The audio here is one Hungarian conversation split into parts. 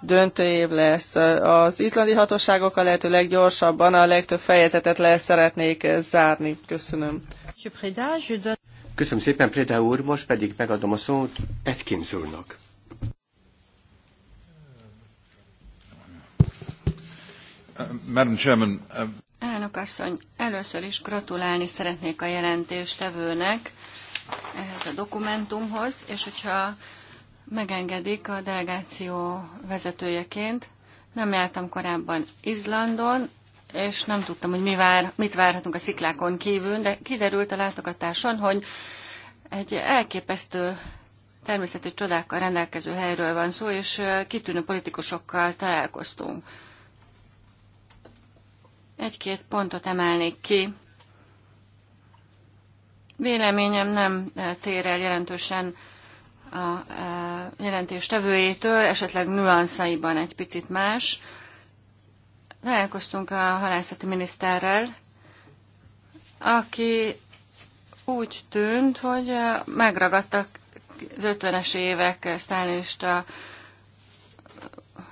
döntő év lesz. Az izlandi hatóságok a lehető leggyorsabban a legtöbb fejezetet le szeretnék zárni. Köszönöm. Köszönöm szépen, Préda úr, most pedig megadom a szót Atkins úrnak. Madam uh, Elnök asszony, először is gratulálni szeretnék a jelentéstevőnek ehhez a dokumentumhoz, és hogyha megengedik a delegáció vezetőjeként. Nem jártam korábban Izlandon, és nem tudtam, hogy mi vár, mit várhatunk a sziklákon kívül, de kiderült a látogatáson, hogy egy elképesztő természeti csodákkal rendelkező helyről van szó, és kitűnő politikusokkal találkoztunk. Egy-két pontot emelnék ki. Véleményem nem tér el jelentősen a jelentés esetleg nüanszaiban egy picit más. Találkoztunk a halászati miniszterrel, aki úgy tűnt, hogy megragadtak az 50-es évek sztálinista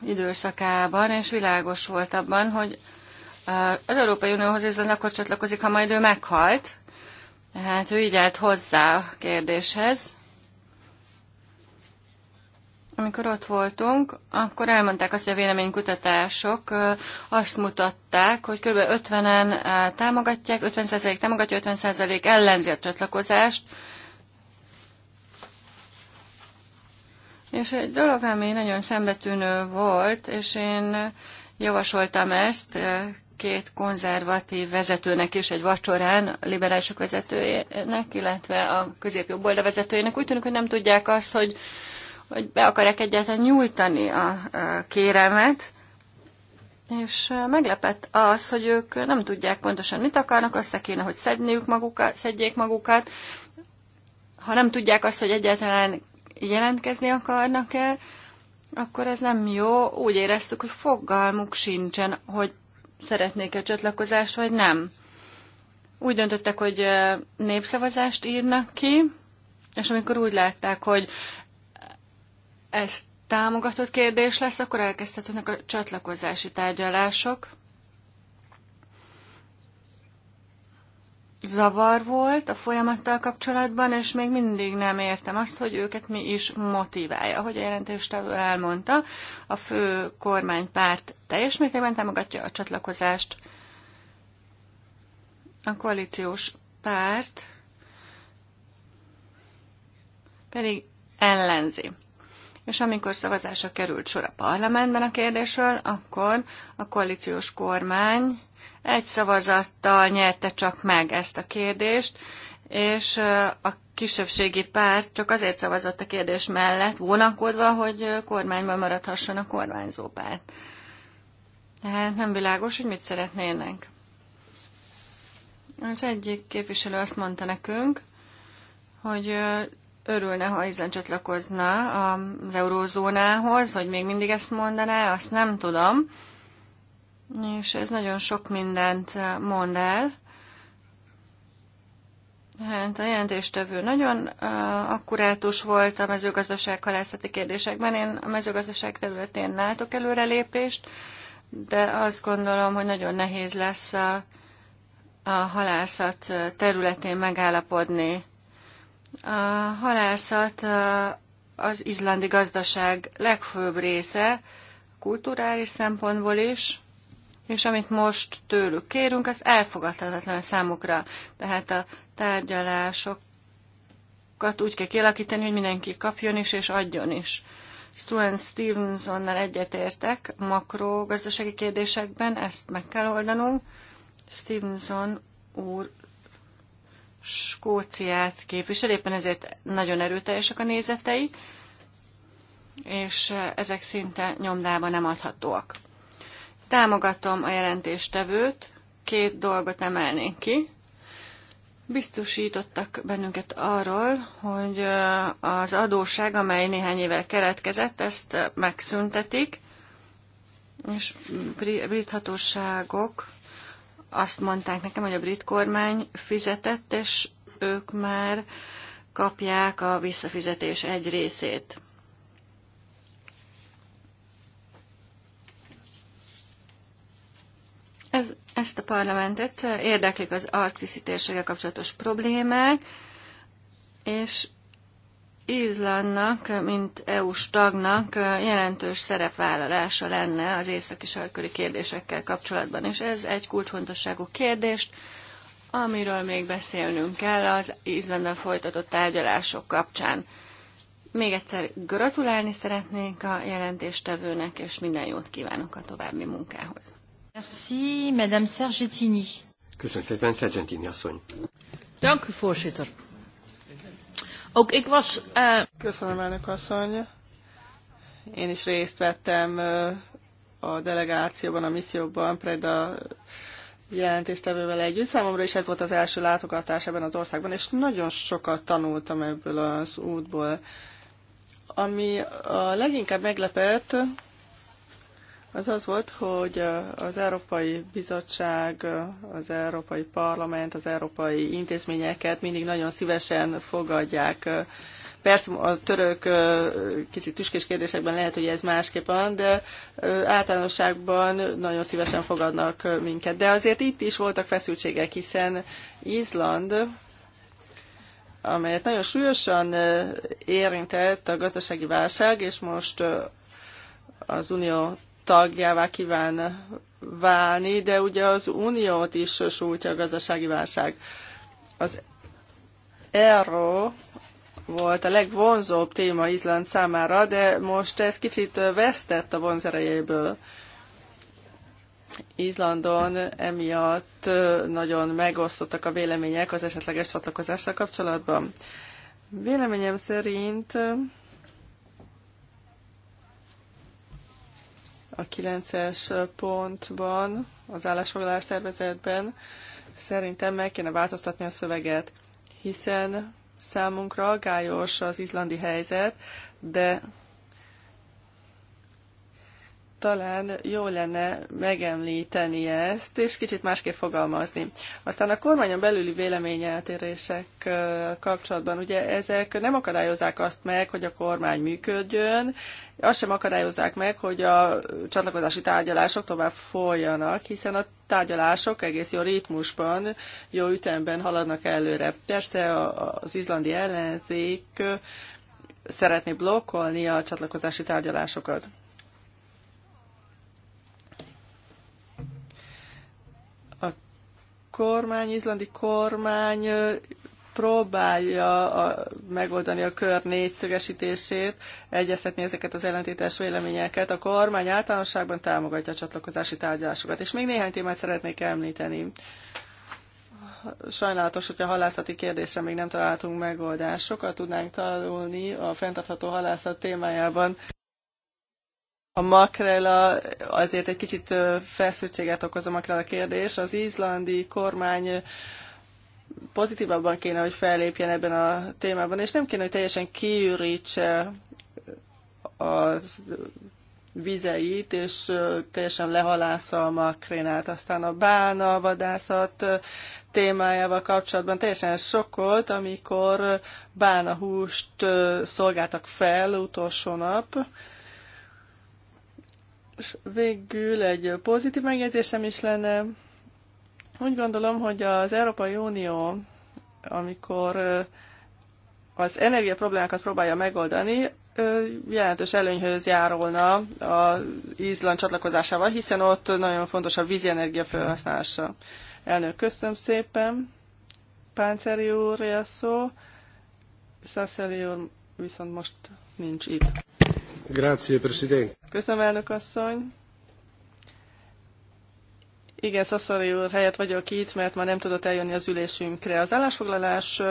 időszakában, és világos volt abban, hogy az Európai Unióhoz Izland akkor csatlakozik, ha majd ő meghalt. Tehát ő így állt hozzá a kérdéshez. Amikor ott voltunk, akkor elmondták azt, hogy a véleménykutatások azt mutatták, hogy kb. 50-en támogatják, 50% támogatja, 50% ellenzi a csatlakozást. És egy dolog, ami nagyon szembetűnő volt, és én javasoltam ezt két konzervatív vezetőnek is egy vacsorán, liberálisok vezetőjének, illetve a középjobb oldal vezetőjének. Úgy tűnik, hogy nem tudják azt, hogy hogy be akarják egyáltalán nyújtani a kérelmet, és meglepett az, hogy ők nem tudják pontosan, mit akarnak, azt kéne, hogy szedniük magukat, szedjék magukat, ha nem tudják azt, hogy egyáltalán jelentkezni akarnak-e, akkor ez nem jó. Úgy éreztük, hogy fogalmuk sincsen, hogy szeretnék-e csatlakozást, vagy nem. Úgy döntöttek, hogy népszavazást írnak ki, és amikor úgy látták, hogy ez támogatott kérdés lesz, akkor elkezdhetőnek a csatlakozási tárgyalások. Zavar volt a folyamattal kapcsolatban, és még mindig nem értem azt, hogy őket mi is motiválja. Ahogy a jelentéstevő elmondta, a fő kormánypárt teljes mértékben támogatja a csatlakozást. A koalíciós párt pedig ellenzi és amikor szavazásra került sor a parlamentben a kérdésről, akkor a koalíciós kormány egy szavazattal nyerte csak meg ezt a kérdést, és a kisebbségi párt csak azért szavazott a kérdés mellett, vonakodva, hogy kormányban maradhasson a kormányzó párt. Tehát nem világos, hogy mit szeretnének. Az egyik képviselő azt mondta nekünk, hogy örülne, ha Izland csatlakozna az eurózónához, vagy még mindig ezt mondaná, azt nem tudom. És ez nagyon sok mindent mond el. Hát a jelentéstevő nagyon uh, akkurátus volt a mezőgazdaság halászati kérdésekben. Én a mezőgazdaság területén látok előrelépést, de azt gondolom, hogy nagyon nehéz lesz a, a halászat területén megállapodni. A halászat az izlandi gazdaság legfőbb része, kulturális szempontból is, és amit most tőlük kérünk, az elfogadhatatlan a számukra. Tehát a tárgyalásokat úgy kell kialakítani, hogy mindenki kapjon is és adjon is. Struan Stevensonnal egyetértek makrogazdasági kérdésekben, ezt meg kell oldanunk. Stevenson úr Skóciát képvisel, éppen ezért nagyon erőteljesek a nézetei, és ezek szinte nyomdában nem adhatóak. Támogatom a jelentéstevőt, két dolgot emelnék ki. Biztosítottak bennünket arról, hogy az adóság, amely néhány évvel keletkezett, ezt megszüntetik, és brit hatóságok azt mondták nekem, hogy a brit kormány fizetett, és ők már kapják a visszafizetés egy részét. Ez, ezt a parlamentet érdeklik az arktiszi térséggel kapcsolatos problémák, és Izlandnak, mint EU-s tagnak jelentős szerepvállalása lenne az északi sarköri kérdésekkel kapcsolatban, és ez egy kulcsfontosságú kérdést, amiről még beszélnünk kell az Izlandnal folytatott tárgyalások kapcsán. Még egyszer gratulálni szeretnék a jelentéstevőnek, és minden jót kívánok a további munkához. Merci, Madame Sergentini. Köszönöm szépen, Sergentini asszony. Dank, Fósítor ik was... Uh... Köszönöm, elnök asszony. Én is részt vettem a delegációban, a misszióban, Preda jelentéstevővel együtt. Számomra is ez volt az első látogatás ebben az országban, és nagyon sokat tanultam ebből az útból. Ami a leginkább meglepett, az az volt, hogy az Európai Bizottság, az Európai Parlament, az európai intézményeket mindig nagyon szívesen fogadják. Persze a török kicsit tüskés kérdésekben lehet, hogy ez másképp van, de általánosságban nagyon szívesen fogadnak minket. De azért itt is voltak feszültségek, hiszen Izland amelyet nagyon súlyosan érintett a gazdasági válság, és most az unió tagjává kíván válni, de ugye az uniót is sújtja a gazdasági válság. Az euró volt a legvonzóbb téma Izland számára, de most ez kicsit vesztett a vonzerejéből. Izlandon emiatt nagyon megosztottak a vélemények az esetleges csatlakozással kapcsolatban. Véleményem szerint a 9-es pontban, az állásfoglalás tervezetben szerintem meg kéne változtatni a szöveget, hiszen számunkra gályos az izlandi helyzet, de talán jó lenne megemlíteni ezt, és kicsit másképp fogalmazni. Aztán a kormányon belüli véleményeltérések kapcsolatban, ugye ezek nem akadályozzák azt meg, hogy a kormány működjön, azt sem akadályozzák meg, hogy a csatlakozási tárgyalások tovább folyjanak, hiszen a tárgyalások egész jó ritmusban, jó ütemben haladnak előre. Persze az izlandi ellenzék szeretné blokkolni a csatlakozási tárgyalásokat. kormány, izlandi kormány próbálja a, megoldani a kör négyszögesítését, egyeztetni ezeket az ellentétes véleményeket. A kormány általánosságban támogatja a csatlakozási tárgyalásokat. És még néhány témát szeretnék említeni. Sajnálatos, hogy a halászati kérdésre még nem találtunk megoldást. Sokat tudnánk tanulni a fenntartható halászat témájában. A makrela, azért egy kicsit feszültséget okoz a makrela kérdés. Az izlandi kormány pozitívabban kéne, hogy fellépjen ebben a témában, és nem kéne, hogy teljesen kiürítse az vizeit, és teljesen lehalásza a makrénát. Aztán a bána vadászat témájával kapcsolatban teljesen sokkolt, amikor bána húst szolgáltak fel utolsó nap, és végül egy pozitív megjegyzésem is lenne. Úgy gondolom, hogy az Európai Unió, amikor az energia problémákat próbálja megoldani, jelentős előnyhöz járulna az Izland csatlakozásával, hiszen ott nagyon fontos a vízi energia felhasználása. Elnök, köszönöm szépen. Pánceri úr, szó. Szaszeli úr viszont most nincs itt. Grazie, Presidente. Köszönöm, elnök asszony. Igen, Szaszori úr helyett vagyok itt, mert már nem tudott eljönni az ülésünkre. Az állásfoglalás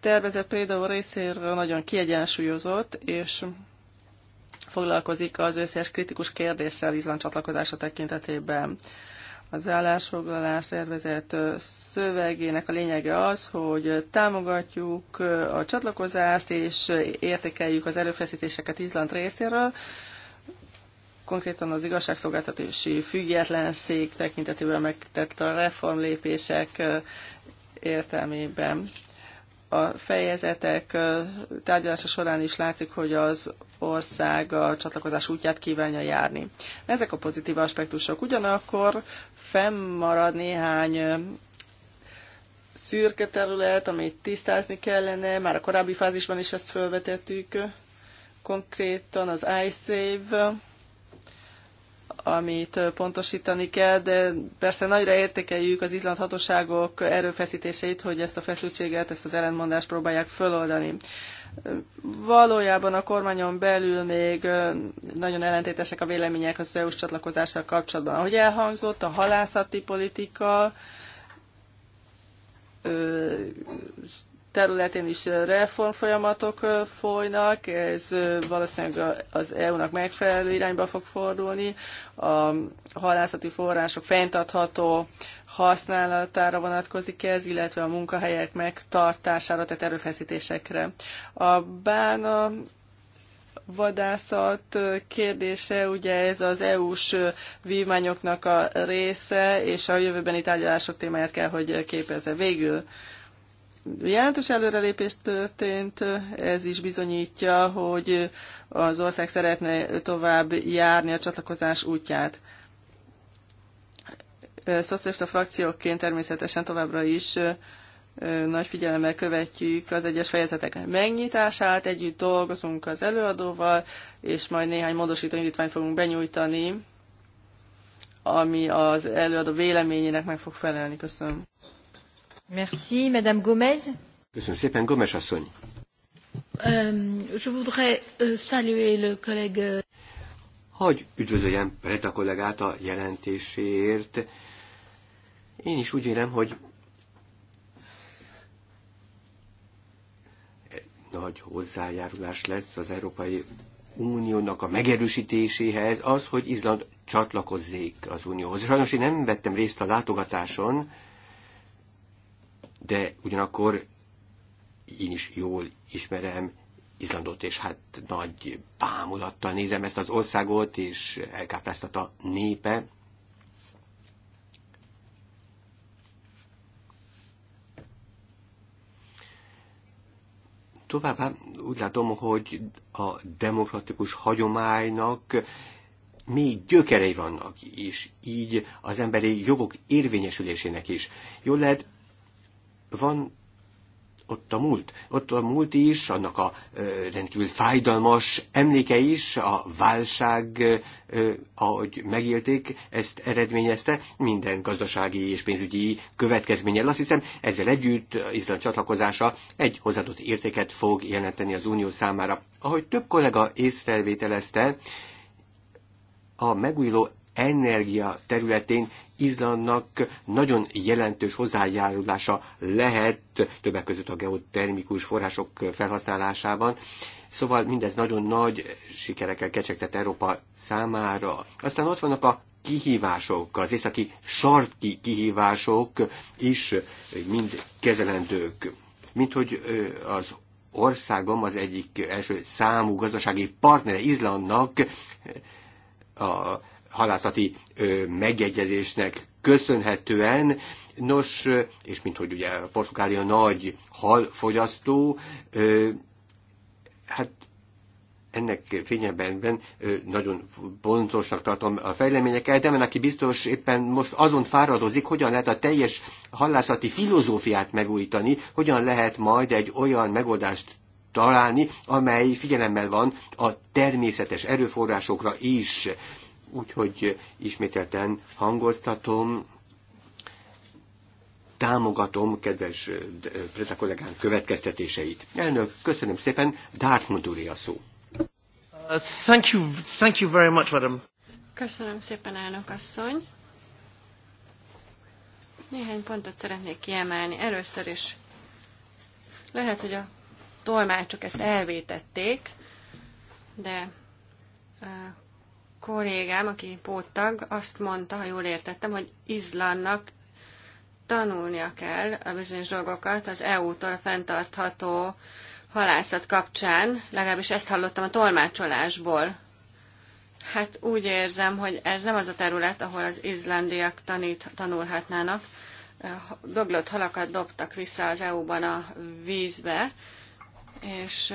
tervezett például részéről nagyon kiegyensúlyozott, és foglalkozik az összes kritikus kérdéssel Izland csatlakozása tekintetében. Az állásfoglalás tervezett szövegének a lényege az, hogy támogatjuk a csatlakozást és értékeljük az erőfeszítéseket Izland részéről, konkrétan az igazságszolgáltatási függetlenség tekintetében megtett a reformlépések értelmében. A fejezetek tárgyalása során is látszik, hogy az ország a csatlakozás útját kívánja járni. Ezek a pozitív aspektusok. Ugyanakkor fennmarad néhány szürke terület, amit tisztázni kellene, már a korábbi fázisban is ezt felvetettük, konkrétan az iSave, amit pontosítani kell, de persze nagyra értékeljük az izland hatóságok erőfeszítéseit, hogy ezt a feszültséget, ezt az ellentmondást próbálják föloldani. Valójában a kormányon belül még nagyon ellentétesek a vélemények az EU-s csatlakozással kapcsolatban. Ahogy elhangzott, a halászati politika területén is reformfolyamatok folynak, ez valószínűleg az EU-nak megfelelő irányba fog fordulni, a halászati források fenntartható használatára vonatkozik ez, illetve a munkahelyek megtartására, tehát erőfeszítésekre. A bána vadászat kérdése, ugye ez az EU-s vívmányoknak a része, és a jövőbeni tárgyalások témáját kell, hogy képezze. Végül jelentős előrelépés történt, ez is bizonyítja, hogy az ország szeretne tovább járni a csatlakozás útját. Szocialista frakcióként természetesen továbbra is nagy figyelemmel követjük az egyes fejezetek megnyitását, együtt dolgozunk az előadóval, és majd néhány módosító indítványt fogunk benyújtani, ami az előadó véleményének meg fog felelni. Köszönöm. Merci, Madame Gomez. Köszönöm szépen, Gomez asszony. Um, je voudrais saluer le collègue. Hogy üdvözöljem Preta kollégát a jelentéséért én is úgy vélem, hogy nagy hozzájárulás lesz az Európai Uniónak a megerősítéséhez az, hogy Izland csatlakozzék az Unióhoz. Sajnos én nem vettem részt a látogatáson, de ugyanakkor én is jól ismerem Izlandot, és hát nagy bámulattal nézem ezt az országot, és elkápráztat a népe. Továbbá úgy látom, hogy a demokratikus hagyománynak mély gyökerei vannak, és így az emberi jogok érvényesülésének is. Jól lehet, van ott a múlt. Ott a múlt is, annak a rendkívül fájdalmas emléke is, a válság, ahogy megélték, ezt eredményezte minden gazdasági és pénzügyi következménnyel. Azt hiszem, ezzel együtt Izland csatlakozása egy hozadott értéket fog jelenteni az Unió számára. Ahogy több kollega észrevételezte, a megújuló energia területén Izlandnak nagyon jelentős hozzájárulása lehet többek között a geotermikus források felhasználásában. Szóval mindez nagyon nagy sikerekkel kecsegtet Európa számára. Aztán ott vannak a kihívások, az északi sarki kihívások is mind kezelendők. Mint hogy az országom az egyik első számú gazdasági partnere Izlandnak a halászati megegyezésnek köszönhetően, nos, és mint hogy ugye a Portugália nagy halfogyasztó, hát ennek fényebben nagyon pontosnak tartom a fejleményeket, de aki biztos éppen most azon fáradozik, hogyan lehet a teljes hallászati filozófiát megújítani, hogyan lehet majd egy olyan megoldást találni, amely figyelemmel van a természetes erőforrásokra is úgyhogy ismételten hangoztatom, támogatom kedves eh, eh, Preza kollégám következtetéseit. Elnök, köszönöm szépen, Dartmouth úr a szó. Uh, thank you, thank you very much, madam. Köszönöm szépen, elnök asszony. Néhány pontot szeretnék kiemelni. Először is lehet, hogy a tolmácsok ezt elvétették, de eh, kollégám, aki póttag, azt mondta, ha jól értettem, hogy Izlandnak tanulnia kell a bizonyos dolgokat az EU-tól a fenntartható halászat kapcsán, legalábbis ezt hallottam a tolmácsolásból. Hát úgy érzem, hogy ez nem az a terület, ahol az izlandiak tanít, tanulhatnának. Döglött halakat dobtak vissza az EU-ban a vízbe, és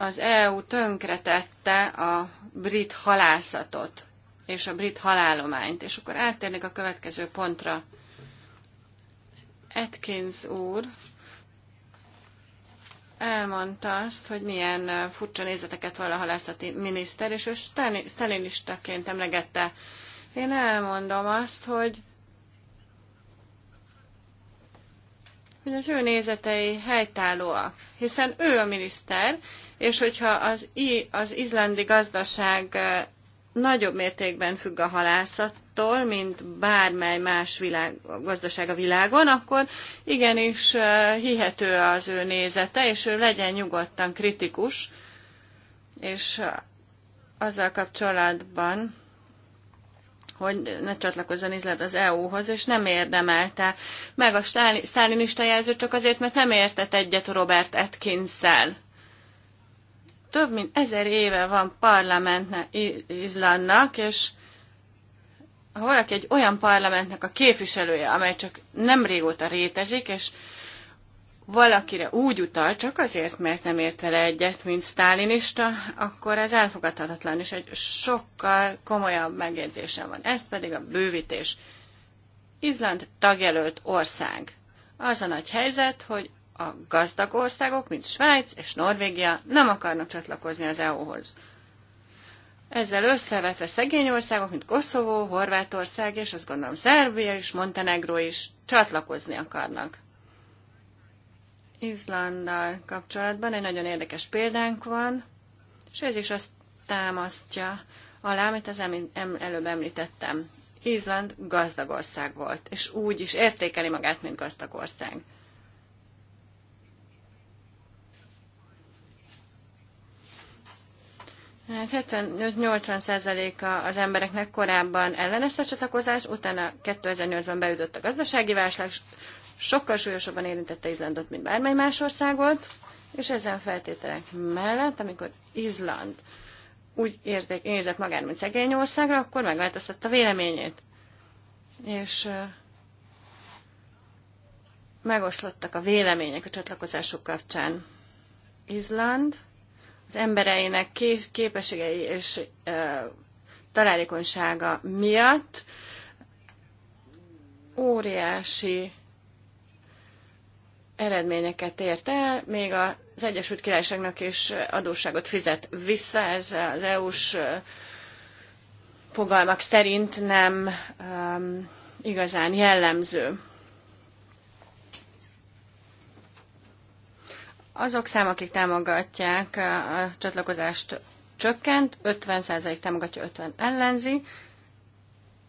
az EU tönkretette a brit halászatot és a brit halálományt. És akkor áttérnék a következő pontra. Atkins úr elmondta azt, hogy milyen furcsa nézeteket van a halászati miniszter, és ő stalinistaként emlegette. Én elmondom azt, hogy hogy az ő nézetei helytállóak, hiszen ő a miniszter, és hogyha az, í az izlandi gazdaság nagyobb mértékben függ a halászattól, mint bármely más világ, gazdaság a világon, akkor igenis hihető az ő nézete, és ő legyen nyugodtan kritikus, és azzal kapcsolatban, hogy ne csatlakozzon Izland az EU-hoz, és nem érdemelte meg a sztálinista jelző csak azért, mert nem értett egyet Robert atkins Több mint ezer éve van parlamentnek Izlandnak, és ha valaki egy olyan parlamentnek a képviselője, amely csak nem régóta rétezik, és valakire úgy utal, csak azért, mert nem ért vele egyet, mint sztálinista, akkor ez elfogadhatatlan, és egy sokkal komolyabb megjegyzésem van. Ez pedig a bővítés. Izland tagjelölt ország. Az a nagy helyzet, hogy a gazdag országok, mint Svájc és Norvégia nem akarnak csatlakozni az EU-hoz. Ezzel összevetve szegény országok, mint Koszovó, Horvátország és azt gondolom Szerbia és Montenegró is csatlakozni akarnak. Izlanddal kapcsolatban egy nagyon érdekes példánk van, és ez is azt támasztja alá, amit az em- em- előbb említettem. Izland gazdag ország volt, és úgy is értékeli magát, mint gazdag ország. Hát 75-80%-a az embereknek korábban ellenes a csatlakozás, utána 2008-ban beütött a gazdasági válság, sokkal súlyosabban érintette Izlandot, mint bármely más országot, és ezen feltételek mellett, amikor Izland úgy érték, nézett magát, mint szegény országra, akkor megváltoztatta véleményét. És megoszlottak a vélemények a csatlakozásuk kapcsán. Izland az embereinek képességei és uh, találékonysága miatt óriási eredményeket ért el, még az Egyesült Királyságnak is adósságot fizet vissza, ez az EU-s fogalmak szerint nem um, igazán jellemző. Azok szám, akik támogatják a csatlakozást csökkent, 50% támogatja, 50 ellenzi,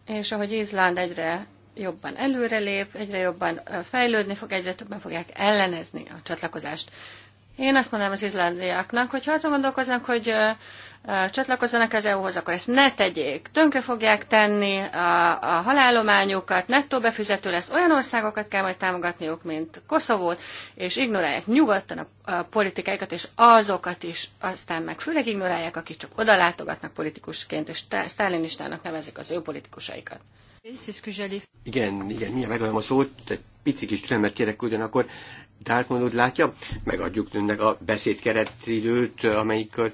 és ahogy Izland egyre jobban előrelép, egyre jobban fejlődni fog, egyre többen fogják ellenezni a csatlakozást. Én azt mondanám az izlandiaknak, hogy ha azon gondolkoznak, hogy csatlakozzanak az EU-hoz, akkor ezt ne tegyék. Tönkre fogják tenni a, a halálományokat, nettó befizető lesz. Olyan országokat kell majd támogatniuk, mint Koszovót, és ignorálják nyugodtan a, a politikáikat, és azokat is aztán meg főleg ignorálják, akik csak oda látogatnak politikusként, és stálinistának nevezik az ő politikusaikat. Igen, igen, milyen megadom a szót, egy pici kis türelmet kérek ugyanakkor. Dartmouth úgy látja, megadjuk önnek a beszédkeret időt, amelyikor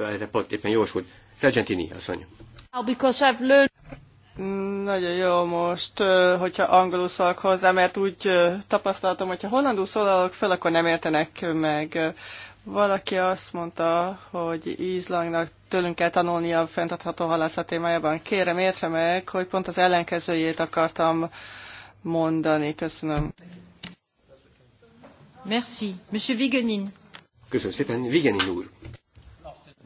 erre pont éppen jósult. Sargentini asszony. because I've learned... Mm, nagyon jó most, hogyha angolul szólok hozzá, mert úgy tapasztaltam, hogyha hollandul szólalok fel, akkor nem értenek meg. Valaki azt mondta, hogy Izlandnak tőlünk kell tanulni a fenntartható halászat témájában. Kérem, értse meg, hogy pont az ellenkezőjét akartam mondani. Köszönöm. Merci. Monsieur Vigenin. Köszönöm szépen. Vigenin úr.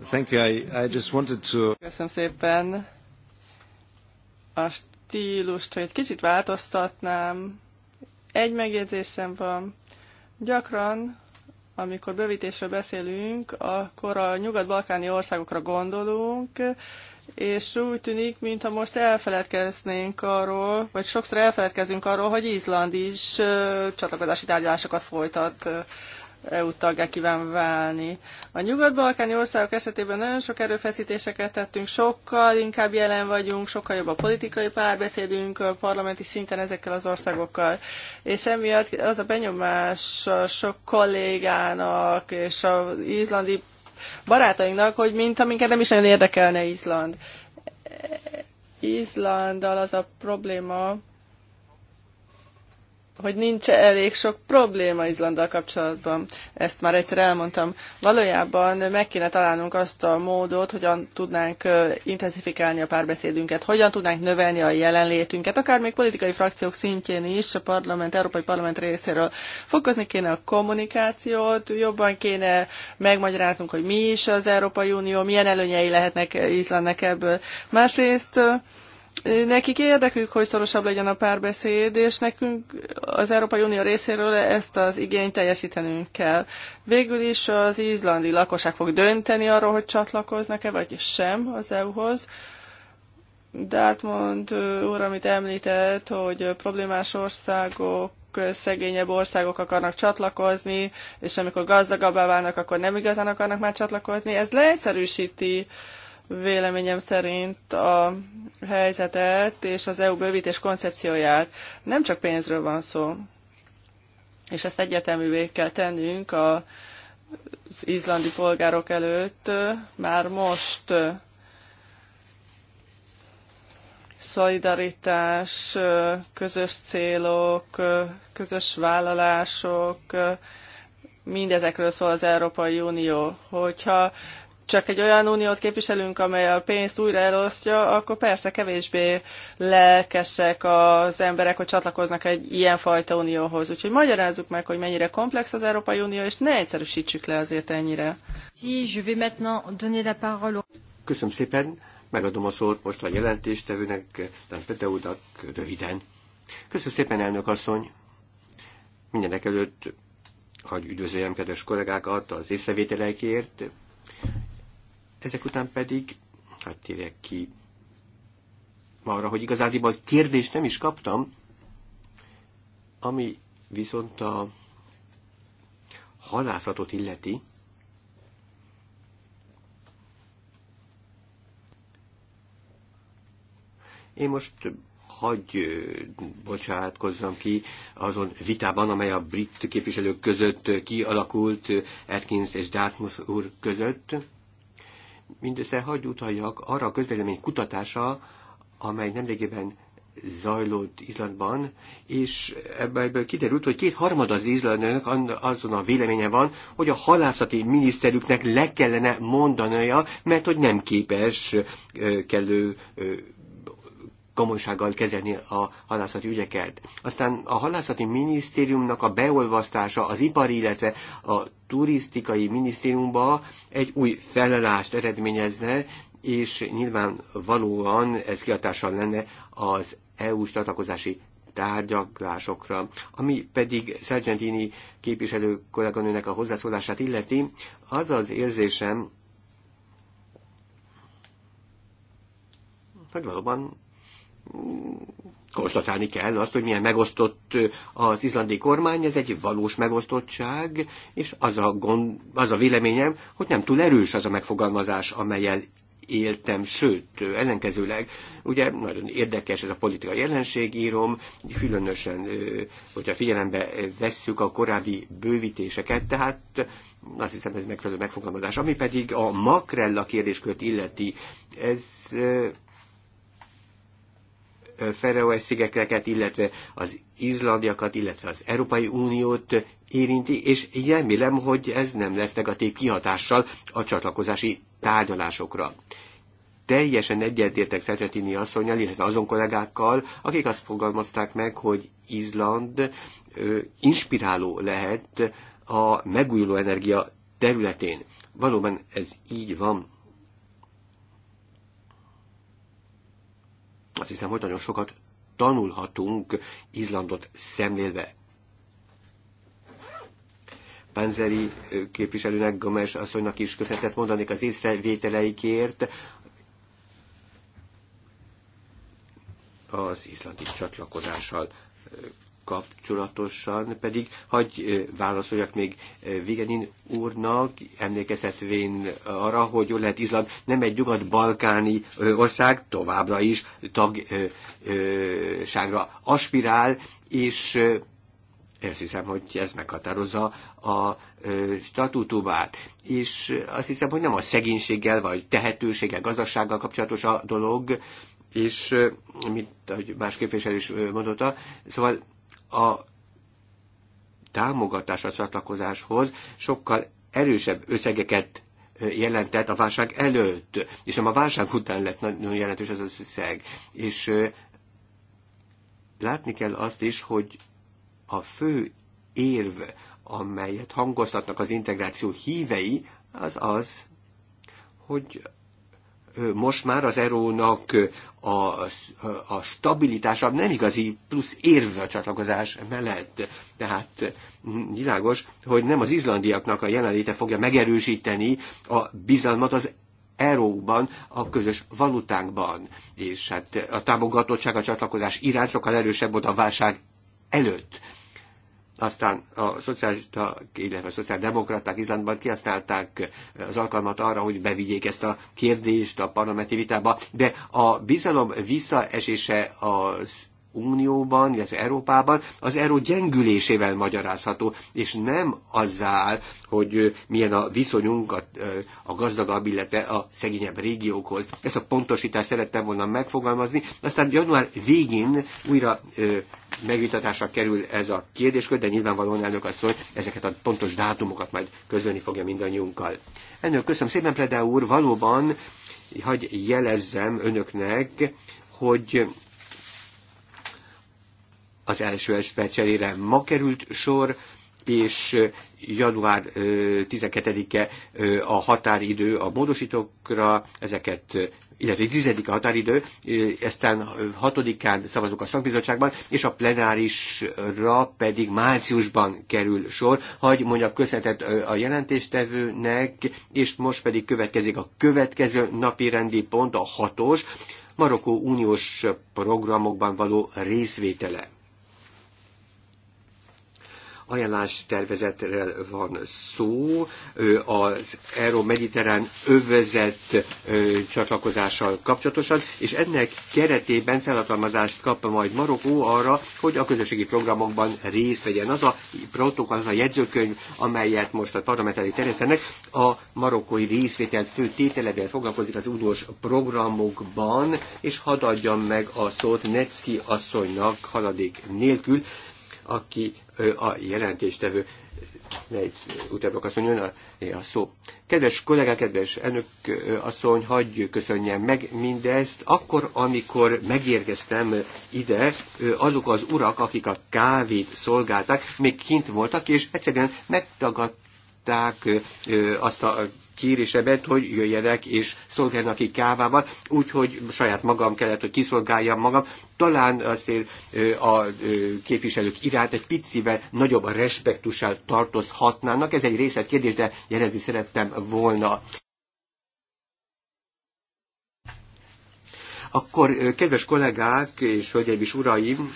Thank you. I, I just wanted to... Köszönöm szépen. A stílust egy kicsit változtatnám. Egy megjegyzésem van. Gyakran amikor bővítésről beszélünk, akkor a nyugat-balkáni országokra gondolunk, és úgy tűnik, mintha most elfeledkeznénk arról, vagy sokszor elfeledkezünk arról, hogy Izland is csatlakozási tárgyalásokat folytat EU taggá kíván válni. A nyugat-balkáni országok esetében nagyon sok erőfeszítéseket tettünk, sokkal inkább jelen vagyunk, sokkal jobb a politikai párbeszédünk a parlamenti szinten ezekkel az országokkal. És emiatt az a benyomás a sok kollégának és az izlandi barátainknak, hogy mint minket nem is nagyon érdekelne Izland. Izlanddal az a probléma, hogy nincs elég sok probléma Izlandal kapcsolatban. Ezt már egyszer elmondtam. Valójában meg kéne találnunk azt a módot, hogyan tudnánk intenzifikálni a párbeszédünket, hogyan tudnánk növelni a jelenlétünket, akár még politikai frakciók szintjén is, a parlament, Európai Parlament részéről. Fokozni kéne a kommunikációt, jobban kéne megmagyaráznunk, hogy mi is az Európai Unió, milyen előnyei lehetnek Izlandnek ebből. Másrészt Nekik érdekük, hogy szorosabb legyen a párbeszéd, és nekünk az Európai Unió részéről ezt az igényt teljesítenünk kell. Végül is az izlandi lakosság fog dönteni arról, hogy csatlakoznak-e vagy sem az EU-hoz. Dartmond úr, amit említett, hogy problémás országok szegényebb országok akarnak csatlakozni, és amikor gazdagabbá válnak, akkor nem igazán akarnak már csatlakozni. Ez leegyszerűsíti uh, véleményem szerint a helyzetet és az EU bővítés koncepcióját. Nem csak pénzről van szó, és ezt egyeteművé kell tennünk a az izlandi polgárok előtt már most szolidaritás, közös célok, közös vállalások, mindezekről szól az Európai Unió. Hogyha csak egy olyan uniót képviselünk, amely a pénzt újra elosztja, akkor persze kevésbé lelkesek az emberek, hogy csatlakoznak egy ilyenfajta unióhoz. Úgyhogy magyarázzuk meg, hogy mennyire komplex az Európai Unió, és ne egyszerűsítsük le azért ennyire. Köszönöm szépen, megadom a szót most a jelentéstevőnek, Dan Peteudak röviden. Köszönöm szépen, elnök asszony. Mindenek előtt, hogy üdvözöljem kedves kollégákat az észrevételekért, ezek után pedig, hát térjek ki arra, hogy igazából kérdést nem is kaptam, ami viszont a halászatot illeti, Én most hagy bocsátkozzam ki azon vitában, amely a brit képviselők között kialakult, Atkins és Dartmouth úr között mindössze hagyj utaljak arra a közvélemény kutatása, amely nemrégében zajlott Izlandban, és ebből kiderült, hogy két harmad az Izlandnak azon a véleménye van, hogy a halászati miniszterüknek le kellene mondania, mert hogy nem képes kellő komolysággal kezelni a halászati ügyeket. Aztán a halászati minisztériumnak a beolvasztása az ipari, illetve a turisztikai minisztériumba egy új felelást eredményezne, és valóan ez kihatással lenne az EU csatlakozási tárgyaklásokra. Ami pedig Sargentini képviselő kolléganőnek a hozzászólását illeti, az az érzésem, hogy valóban konstatálni kell azt, hogy milyen megosztott az izlandi kormány, ez egy valós megosztottság, és az a, gond, az a véleményem, hogy nem túl erős az a megfogalmazás, amelyel éltem, sőt, ellenkezőleg, ugye nagyon érdekes ez a politikai jelenség, írom, különösen, hogyha figyelembe vesszük a korábbi bővítéseket, tehát azt hiszem ez megfelelő megfogalmazás. Ami pedig a makrella kérdéskört illeti, ez Ferroe szigeteket, illetve az izlandiakat, illetve az Európai Uniót érinti, és remélem, hogy ez nem lesz negatív kihatással a csatlakozási tárgyalásokra. Teljesen egyetértek Szercsetini asszonyjal, illetve azon kollégákkal, akik azt fogalmazták meg, hogy Izland inspiráló lehet a megújuló energia területén. Valóban ez így van. Azt hiszem, hogy nagyon sokat tanulhatunk Izlandot szemlélve. Panzeri képviselőnek, Gomes asszonynak is köszönetet mondanék az észrevételeikért. Az izlandi csatlakozással kapcsolatosan, pedig hagy válaszoljak még Vigenin úrnak, emlékezetvén arra, hogy jól lehet Izland nem egy nyugat-balkáni ország, továbbra is tagságra aspirál, és ezt hiszem, hogy ez meghatározza a statútumát. És azt hiszem, hogy nem a szegénységgel, vagy tehetőséggel, gazdasággal kapcsolatos a dolog, és mint ahogy más képviselő is mondotta, szóval a támogatás a csatlakozáshoz sokkal erősebb összegeket jelentett a válság előtt, és a válság után lett nagyon jelentős ez az összeg. És látni kell azt is, hogy a fő érv, amelyet hangoztatnak az integráció hívei, az az, hogy most már az erónak a, a stabilitása nem igazi plusz érve a csatlakozás mellett. Tehát világos, hogy nem az izlandiaknak a jelenléte fogja megerősíteni a bizalmat az euróban, a közös valutánkban. És hát a támogatottság a csatlakozás irány sokkal erősebb volt a válság előtt. Aztán a szocialista, illetve a szociáldemokraták Izlandban kihasználták az alkalmat arra, hogy bevigyék ezt a kérdést a parlamenti vitába, de a bizalom visszaesése az Unióban, illetve Európában az euró gyengülésével magyarázható, és nem azzal, hogy milyen a viszonyunk a, a gazdagabb, illetve a szegényebb régiókhoz. Ezt a pontosítást szerettem volna megfogalmazni. Aztán január végén újra ö, megvitatásra kerül ez a kérdéskör, de nyilvánvalóan elnök azt hogy ezeket a pontos dátumokat majd közölni fogja mindannyiunkkal. Ennél köszönöm szépen, Preda úr, valóban hagy jelezzem önöknek, hogy az első eszmecserére ma került sor, és január 12-e a határidő a módosítókra, ezeket illetve 10 a határidő, eztán 6-án szavazunk a szakbizottságban, és a plenárisra pedig márciusban kerül sor. hogy mondjak köszönetet a jelentéstevőnek, és most pedig következik a következő napi rendi pont, a hatos, Marokkó uniós programokban való részvétele ajánlás tervezetről van szó, az Euró-Mediterrán övezet csatlakozással kapcsolatosan, és ennek keretében felhatalmazást kap majd Marokkó arra, hogy a közösségi programokban részt vegyen. Az a protokoll, az a jegyzőkönyv, amelyet most a parlament elé terjesztenek, a marokkói részvétel fő tételevel foglalkozik az uniós programokban, és hadd adjam meg a szót Necki asszonynak haladék nélkül, aki a jelentéstevő. mely utáblak asszony jön a, a szó. Kedves kollega, kedves elnök asszony, hagyj köszönjem meg mindezt. Akkor, amikor megérkeztem ide, azok az urak, akik a kávét szolgálták, még kint voltak, és egyszerűen megtagadták azt a kérésebet, hogy jöjjenek és szolgálnak ki kávával, úgyhogy saját magam kellett, hogy kiszolgáljam magam. Talán azért a képviselők iránt egy picivel nagyobb a respektussal tartozhatnának. Ez egy részletkérdés, de jelezni szerettem volna. Akkor kedves kollégák és hölgyeim és uraim,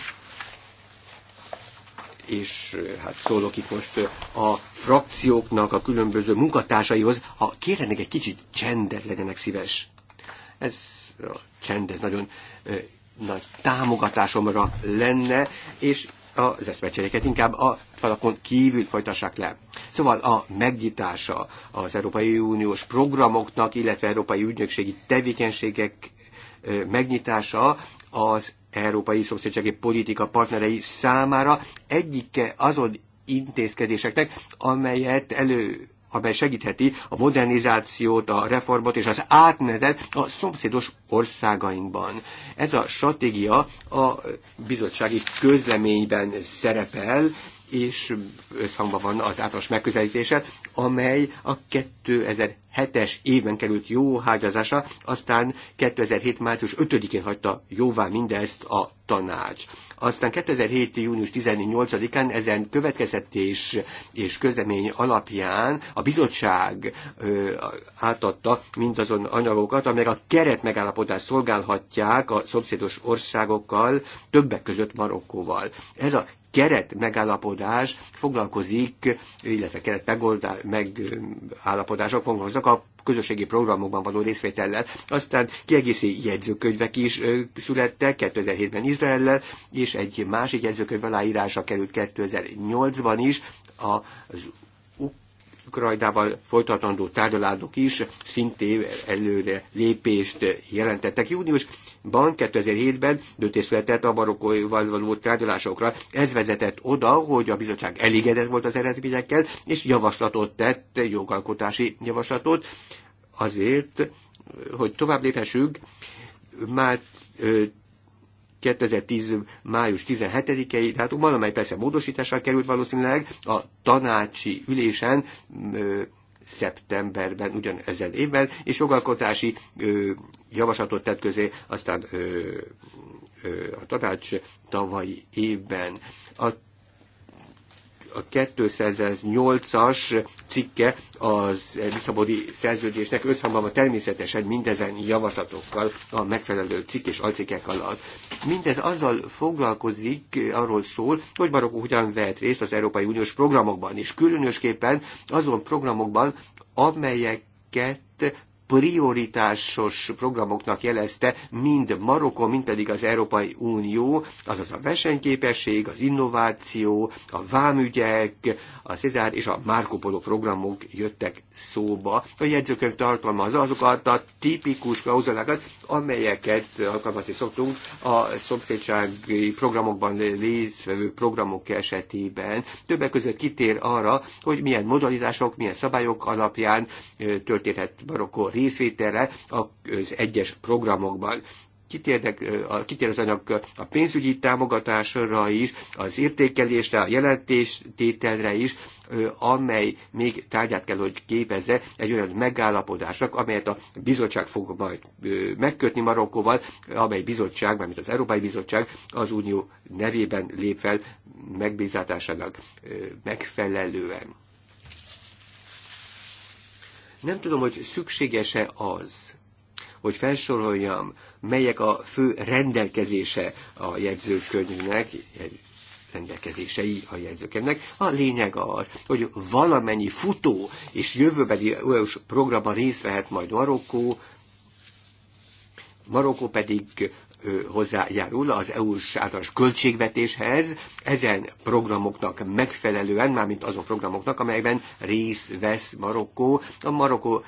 és hát szólok itt most a frakcióknak, a különböző munkatársaihoz, ha kérenek egy kicsit csendet legyenek szíves. Ez a csend, ez nagyon ö, nagy támogatásomra lenne, és az eszmecseréket inkább a falakon kívül folytassák le. Szóval a megnyitása az Európai Uniós programoknak, illetve Európai Ügynökségi tevékenységek megnyitása az európai szomszédsági politika partnerei számára egyike azon intézkedéseknek, amelyet elő amely segítheti a modernizációt, a reformot és az átmenetet a szomszédos országainkban. Ez a stratégia a bizottsági közleményben szerepel, és összhangban van az általános megközelítése, amely a 2007-es évben került hágyazása, aztán 2007. március 5-én hagyta jóvá mindezt a tanács. Aztán 2007. június 18-án ezen következetés és közlemény alapján a bizottság ö, átadta mindazon anyagokat, amelyek a keret megállapodást szolgálhatják a szomszédos országokkal, többek között Marokkóval. Ez a keret megállapodás foglalkozik, illetve keret megállapodások foglalkoznak a közösségi programokban való részvétellel. Aztán kiegészi jegyzőkönyvek is születtek 2007-ben Izraellel, és egy másik jegyzőkönyv aláírása került 2008-ban is az Ukrajnával folytatandó tárgyalások is szintén előre lépést jelentettek. Júniusban 2007-ben döntés született a marokkóval való tárgyalásokra. Ez vezetett oda, hogy a bizottság elégedett volt az eredményekkel, és javaslatot tett, jogalkotási javaslatot azért, hogy tovább léphessünk, már 2010. május 17-i, tehát valamely persze módosításra került valószínűleg a tanácsi ülésen ö, szeptemberben, ugyan ezen évben, és jogalkotási ö, javaslatot tett közé, aztán ö, ö, a tanács tavalyi évben. A a 208-as cikke az Lisszaboni szerződésnek összhangban természetesen mindezen javaslatokkal a megfelelő cikk és alcikek alatt. Mindez azzal foglalkozik, arról szól, hogy Marokko hogyan vehet részt az Európai Uniós programokban, és különösképpen azon programokban, amelyeket prioritásos programoknak jelezte mind Marokko, mind pedig az Európai Unió, azaz a versenyképesség, az innováció, a vámügyek, a Cezár és a Marco Polo programok jöttek szóba. A jegyzőkönyv tartalmazza azokat a tipikus klauzulákat, amelyeket alkalmazni szoktunk a szomszédsági programokban résztvevő programok esetében. Többek között kitér arra, hogy milyen modalitások, milyen szabályok alapján történhet Marokkó részvétele az egyes programokban kitér az anyag a pénzügyi támogatásra is, az értékelésre, a jelentéstételre is, amely még tárgyát kell, hogy képezze egy olyan megállapodásnak, amelyet a bizottság fog majd megkötni Marokkóval, amely bizottság, mármint az Európai Bizottság az Unió nevében lép fel megbízatásának megfelelően. Nem tudom, hogy szükséges-e az, hogy felsoroljam, melyek a fő rendelkezése a jegyzőkönyvnek, rendelkezései a jegyzőkönyvnek. A lényeg az, hogy valamennyi futó és jövőbeli EU-s programban részt vehet majd Marokkó, Marokkó pedig hozzájárul az EU-s általános költségvetéshez, ezen programoknak megfelelően, mármint azon programoknak, amelyekben részt vesz Marokkó. A Marokkó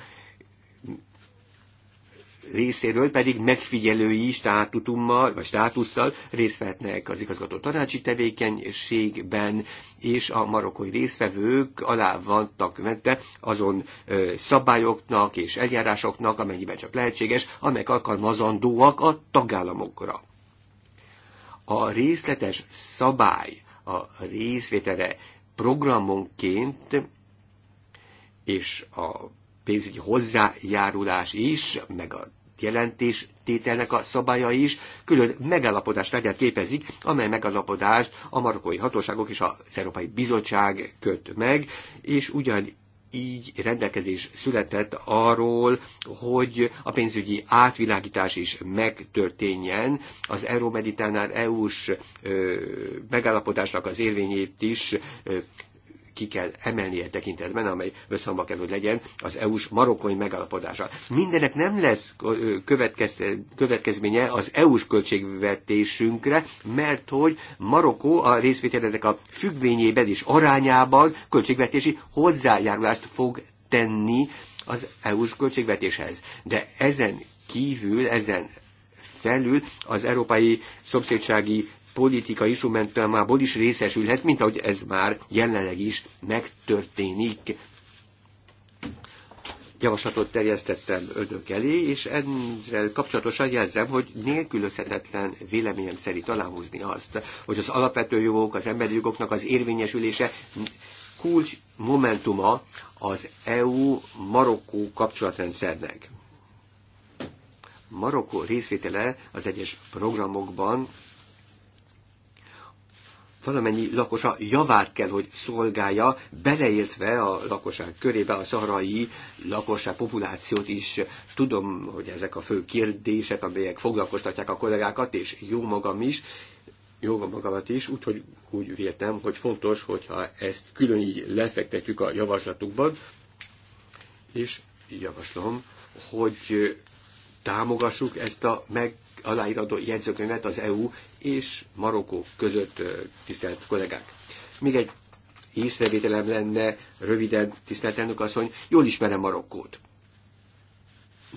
részéről pedig megfigyelői státutummal, vagy státusszal részt vehetnek az igazgató tanácsi tevékenységben, és a marokkói részvevők alá vannak vette azon szabályoknak és eljárásoknak, amennyiben csak lehetséges, amelyek alkalmazandóak a tagállamokra. A részletes szabály a részvétele programonként és a pénzügyi hozzájárulás is, meg a jelentés tételnek a szabálya is külön megállapodást legyen képezik, amely megállapodást a marokkói hatóságok és az Európai Bizottság köt meg, és ugyan így rendelkezés született arról, hogy a pénzügyi átvilágítás is megtörténjen, az Euromeditánál EU-s megállapodásnak az érvényét is ö, ki kell emelnie tekintetben, amely összhangba kell, hogy legyen az EU-s marokkói megállapodása. Mindenek nem lesz következménye az EU-s költségvetésünkre, mert hogy Marokkó a részvételének a függvényében és arányában költségvetési hozzájárulást fog tenni az EU-s költségvetéshez. De ezen kívül, ezen felül az európai szomszédsági politika instrumentumából is részesülhet, mint ahogy ez már jelenleg is megtörténik. Javaslatot terjesztettem önök elé, és ezzel kapcsolatosan jelzem, hogy nélkülözhetetlen véleményem szerint aláhúzni azt, hogy az alapvető jogok, az emberi jogoknak az érvényesülése kulcs momentuma az EU-Marokkó kapcsolatrendszernek. Marokkó részvétele az egyes programokban valamennyi lakosa javát kell, hogy szolgálja, beleértve a lakosság körébe a szarai lakosság populációt is. Tudom, hogy ezek a fő kérdések, amelyek foglalkoztatják a kollégákat, és jó magam is, jó magamat is, úgyhogy úgy véltem, hogy fontos, hogyha ezt külön így lefektetjük a javaslatunkban, és javaslom, hogy támogassuk ezt a meg aláíradó jegyzőkönyvet az EU és Marokkó között, tisztelt kollégák. Még egy észrevételem lenne, röviden, tisztelt elnök asszony, jól ismerem Marokkót.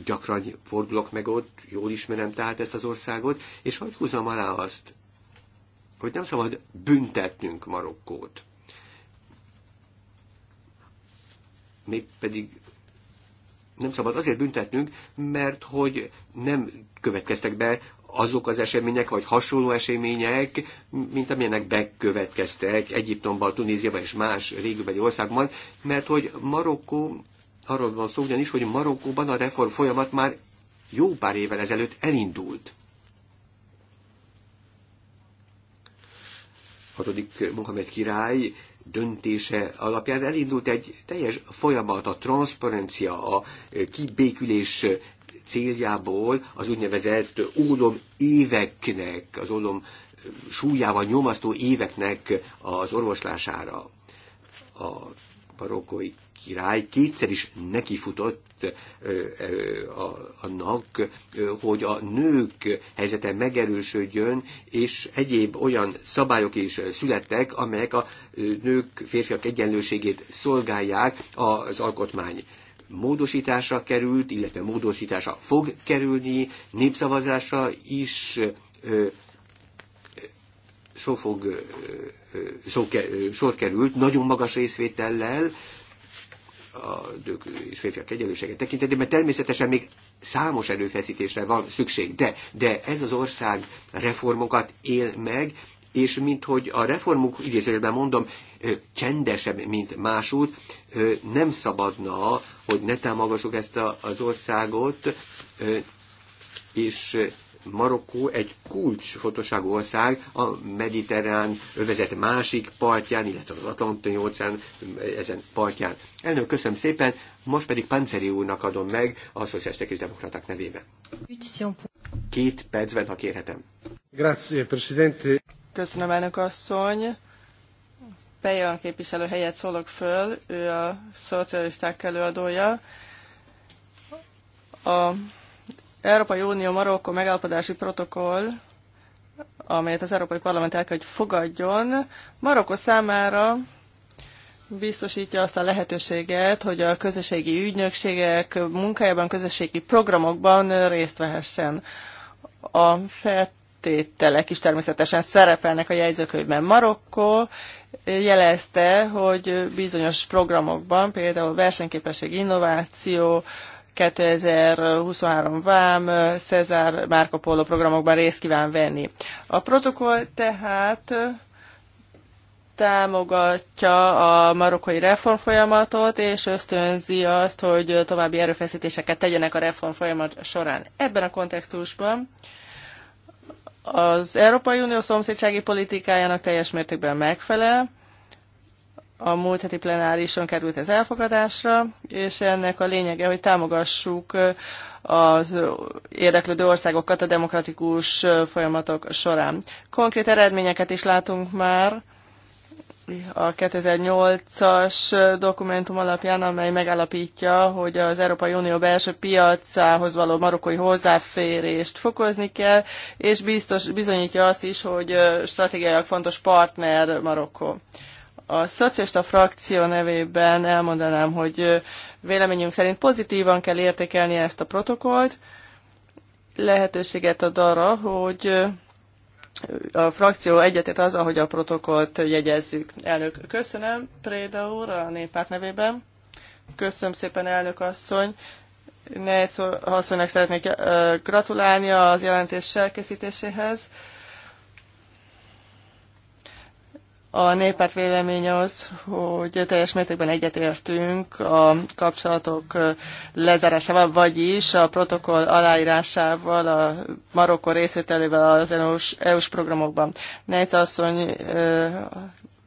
Gyakran fordulok meg ott, jól ismerem tehát ezt az országot, és hogy húzom alá azt, hogy nem szabad büntetnünk Marokkót. Mégpedig nem szabad azért büntetnünk, mert hogy nem következtek be azok az események, vagy hasonló események, mint amilyenek bekövetkeztek Egyiptomban, Tunéziában és más régióbeli országban, mert hogy Marokkó, arról van szó ugyanis, hogy Marokkóban a reform folyamat már jó pár évvel ezelőtt elindult. Hatodik Mohamed király döntése alapján elindult egy teljes folyamat, a transzparencia, a kibékülés céljából az úgynevezett ólom éveknek, az ólom súlyával nyomasztó éveknek az orvoslására. A marokkói király kétszer is nekifutott annak, hogy a nők helyzete megerősödjön, és egyéb olyan szabályok is születtek, amelyek a nők, férfiak egyenlőségét szolgálják az alkotmány módosításra került, illetve módosítása fog kerülni, népszavazásra is so fog, so, sor került, nagyon magas részvétellel, a nők és férfiak egyenlősége tekintetében természetesen még számos előfeszítésre van szükség, de, de ez az ország reformokat él meg, és minthogy a reformok, idézőjelben mondom, csendesebb, mint másút, nem szabadna, hogy ne támogassuk ezt a, az országot, és Marokkó egy kulcsfontosságú ország a mediterrán övezet másik partján, illetve az Atlantoni óceán ezen partján. Elnök, köszönöm szépen, most pedig Panceri úrnak adom meg a szociálisták és demokraták nevében. Két percben, ha kérhetem. Grazie, Presidente. Köszönöm, elnök asszony. Pejon képviselő helyet szólok föl, ő a szocialisták előadója. A Európai Unió Marokkó megállapodási protokoll, amelyet az Európai Parlament el kell, hogy fogadjon, Marokkó számára biztosítja azt a lehetőséget, hogy a közösségi ügynökségek munkájában, közösségi programokban részt vehessen. A feltételek is természetesen szerepelnek a jegyzőkönyvben. Marokkó jelezte, hogy bizonyos programokban, például versenyképesség, innováció, 2023 vám, Cezár Marco Polo programokban részt kíván venni. A protokoll tehát támogatja a marokkai reformfolyamatot, és ösztönzi azt, hogy további erőfeszítéseket tegyenek a reformfolyamat során. Ebben a kontextusban az Európai Unió szomszédsági politikájának teljes mértékben megfelel, a múlt heti plenárison került ez elfogadásra, és ennek a lényege, hogy támogassuk az érdeklődő országokat a demokratikus folyamatok során. Konkrét eredményeket is látunk már a 2008-as dokumentum alapján, amely megállapítja, hogy az Európai Unió belső piacához való marokkói hozzáférést fokozni kell, és biztos, bizonyítja azt is, hogy stratégiailag fontos partner Marokkó. A szocialista frakció nevében elmondanám, hogy véleményünk szerint pozitívan kell értékelni ezt a protokollt, lehetőséget ad arra, hogy a frakció egyetért az, ahogy a protokollt jegyezzük. Elnök, köszönöm, Préda úr, a néppárt nevében. Köszönöm szépen, elnök asszony. egyszer asszonynak szeretnék gratulálni az jelentés elkészítéséhez. A néppárt véleménye az, hogy teljes mértékben egyetértünk a kapcsolatok lezárásával, vagyis a protokoll aláírásával, a Marokkó részvételével az EU-s, eu programokban. Nejc asszony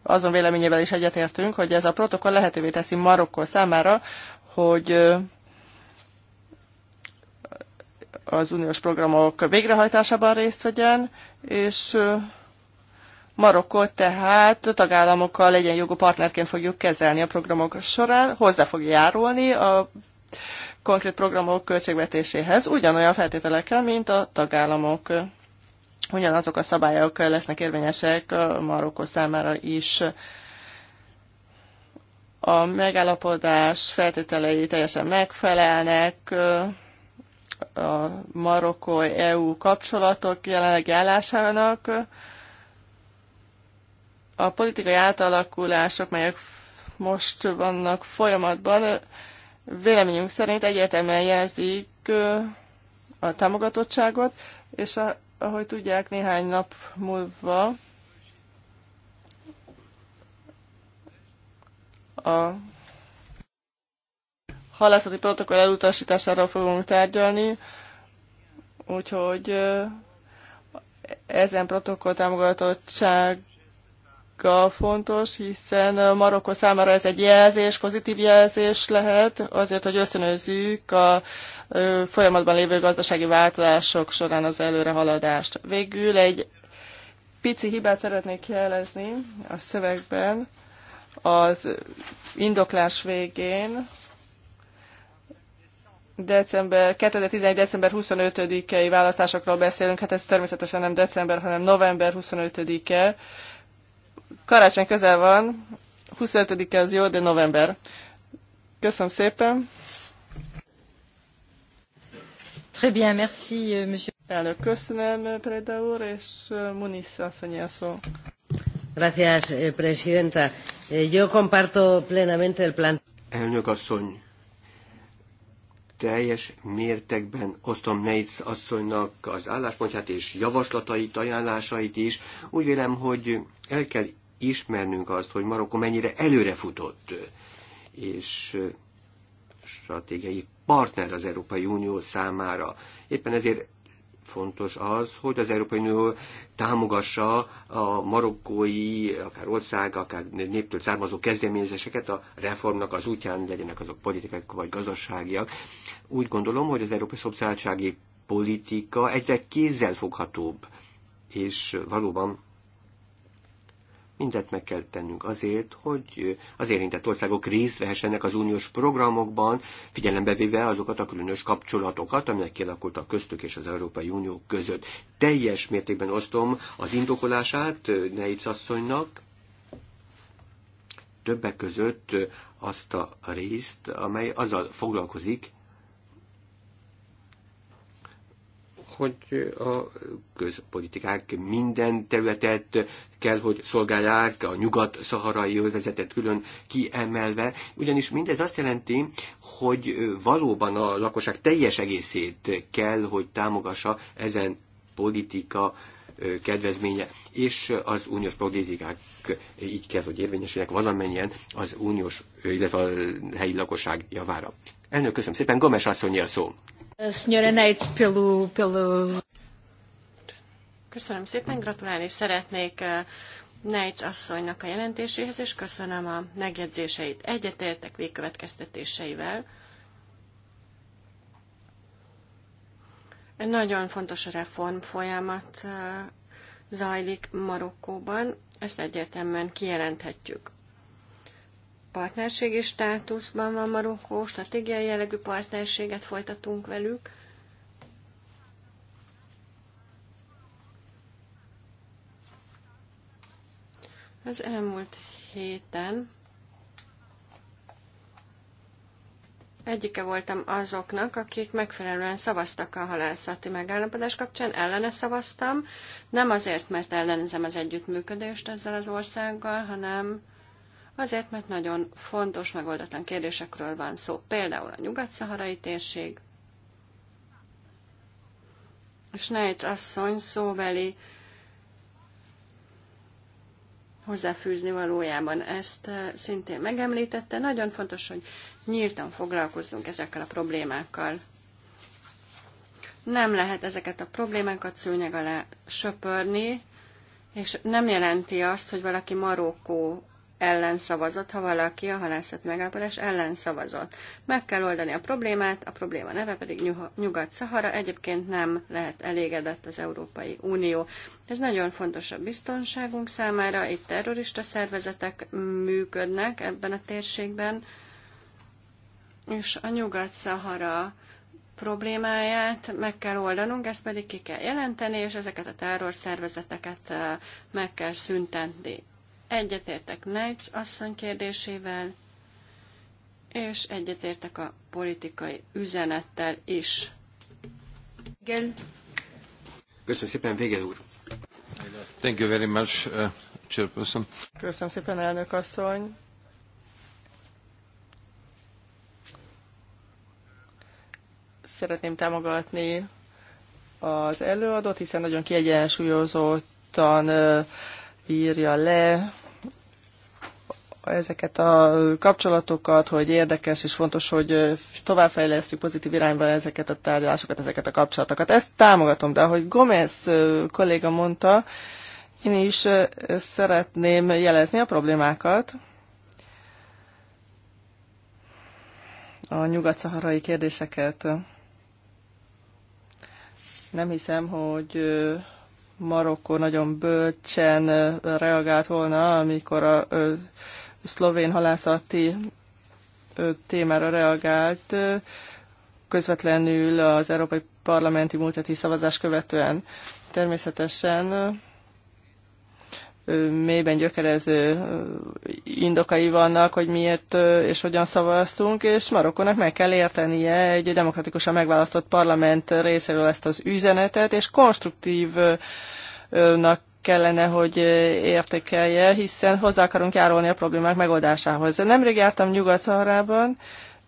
azon véleményével is egyetértünk, hogy ez a protokoll lehetővé teszi Marokkó számára, hogy az uniós programok végrehajtásában részt vegyen, és Marokkot tehát a tagállamokkal legyen jogú partnerként fogjuk kezelni a programok során, hozzá fog járulni a konkrét programok költségvetéséhez ugyanolyan feltételekkel, mint a tagállamok. Ugyanazok a szabályok lesznek érvényesek Marokkó számára is. A megállapodás feltételei teljesen megfelelnek, a Marokkó-EU kapcsolatok jelenlegi állásának a politikai átalakulások, melyek most vannak folyamatban, véleményünk szerint egyértelműen jelzik a támogatottságot, és a, ahogy tudják, néhány nap múlva a halászati protokoll elutasításáról fogunk tárgyalni, úgyhogy ezen protokoll támogatottság fontos, hiszen Marokkó számára ez egy jelzés, pozitív jelzés lehet, azért, hogy összönözzük a folyamatban lévő gazdasági változások során az előrehaladást. Végül egy pici hibát szeretnék jelezni a szövegben, az indoklás végén, december, 2011. december 25-i választásokról beszélünk, hát ez természetesen nem december, hanem november 25-e, Karácsony közel van, 25-e az jó, de november. Köszönöm szépen. Très bien, merci, euh, monsieur. Elnök, köszönöm, Preda úr, és Muniz asszony szó. Gracias, eh, presidenta. Eh, yo comparto plenamente el plan... Elnök asszony, teljes mértékben osztom Neitz asszonynak az álláspontját és javaslatait, ajánlásait is. Úgy vélem, hogy el kell ismernünk azt, hogy Marokko mennyire előrefutott, és stratégiai partner az Európai Unió számára. Éppen ezért fontos az, hogy az Európai Unió támogassa a marokkói, akár ország, akár néptől származó kezdeményezéseket a reformnak az útján, legyenek azok politikák, vagy gazdaságiak. Úgy gondolom, hogy az Európai Szociálisági Politika egyre kézzelfoghatóbb, és valóban Mindent meg kell tennünk azért, hogy az érintett országok részt vehessenek az uniós programokban, figyelembe véve azokat a különös kapcsolatokat, amelyek kialakultak köztük és az Európai Unió között. Teljes mértékben osztom az indokolását Neitz asszonynak, többek között azt a részt, amely azzal foglalkozik, hogy a közpolitikák minden területet kell, hogy szolgálják a nyugat-szaharai övezetet külön kiemelve, ugyanis mindez azt jelenti, hogy valóban a lakosság teljes egészét kell, hogy támogassa ezen politika kedvezménye, és az uniós politikák így kell, hogy érvényesüljenek valamennyien az uniós, illetve a helyi lakosság javára. Elnök, köszönöm szépen, Gomes asszonyi a szó. Senhora Neite, pelo, pelo... Köszönöm szépen, gratulálni szeretnék eh, Nejc asszonynak a jelentéséhez, és köszönöm a megjegyzéseit. Egyetértek végkövetkeztetéseivel. Egy nagyon fontos reform folyamat eh, zajlik Marokkóban, ezt egyértelműen kijelenthetjük. Partnerségi státuszban van Marokkó, stratégiai jellegű partnerséget folytatunk velük, Az elmúlt héten egyike voltam azoknak, akik megfelelően szavaztak a halászati megállapodás kapcsán, ellene szavaztam, nem azért, mert ellenzem az együttműködést ezzel az országgal, hanem azért, mert nagyon fontos, megoldatlan kérdésekről van szó, például a nyugat-szaharai térség, Snájc asszony szóbeli hozzáfűzni valójában. Ezt eh, szintén megemlítette. Nagyon fontos, hogy nyíltan foglalkozzunk ezekkel a problémákkal. Nem lehet ezeket a problémákat szőnyeg alá söpörni, és nem jelenti azt, hogy valaki Marokkó ellen szavazott, ha valaki a halászat megállapodás ellen szavazott. Meg kell oldani a problémát, a probléma neve pedig Nyugat-Szahara, egyébként nem lehet elégedett az Európai Unió. Ez nagyon fontos a biztonságunk számára, itt terrorista szervezetek működnek ebben a térségben, és a Nyugat-Szahara problémáját meg kell oldanunk, ezt pedig ki kell jelenteni, és ezeket a terrorszervezeteket eh, meg kell szüntetni. Egyetértek Neitz asszony kérdésével, és egyetértek a politikai üzenettel is. Igen. Köszönöm szépen, vége, úr. Thank you very much, uh, Chairperson. Köszönöm szépen, elnök asszony. Szeretném támogatni az előadót, hiszen nagyon kiegyensúlyozottan uh, írja le ezeket a kapcsolatokat, hogy érdekes és fontos, hogy továbbfejlesztjük pozitív irányba ezeket a tárgyalásokat, ezeket a kapcsolatokat. Ezt támogatom, de ahogy Gomez kolléga mondta, én is szeretném jelezni a problémákat. A nyugat-szaharai kérdéseket. Nem hiszem, hogy Marokkó nagyon bölcsen reagált volna, amikor a szlovén halászati témára reagált közvetlenül az Európai Parlamenti múlt heti szavazás követően. Természetesen mélyben gyökerező indokai vannak, hogy miért és hogyan szavaztunk, és Marokkónak meg kell értenie egy demokratikusan megválasztott parlament részéről ezt az üzenetet, és konstruktívnak kellene, hogy eh, értékelje, hiszen hozzá akarunk járulni a problémák megoldásához. Nemrég jártam nyugat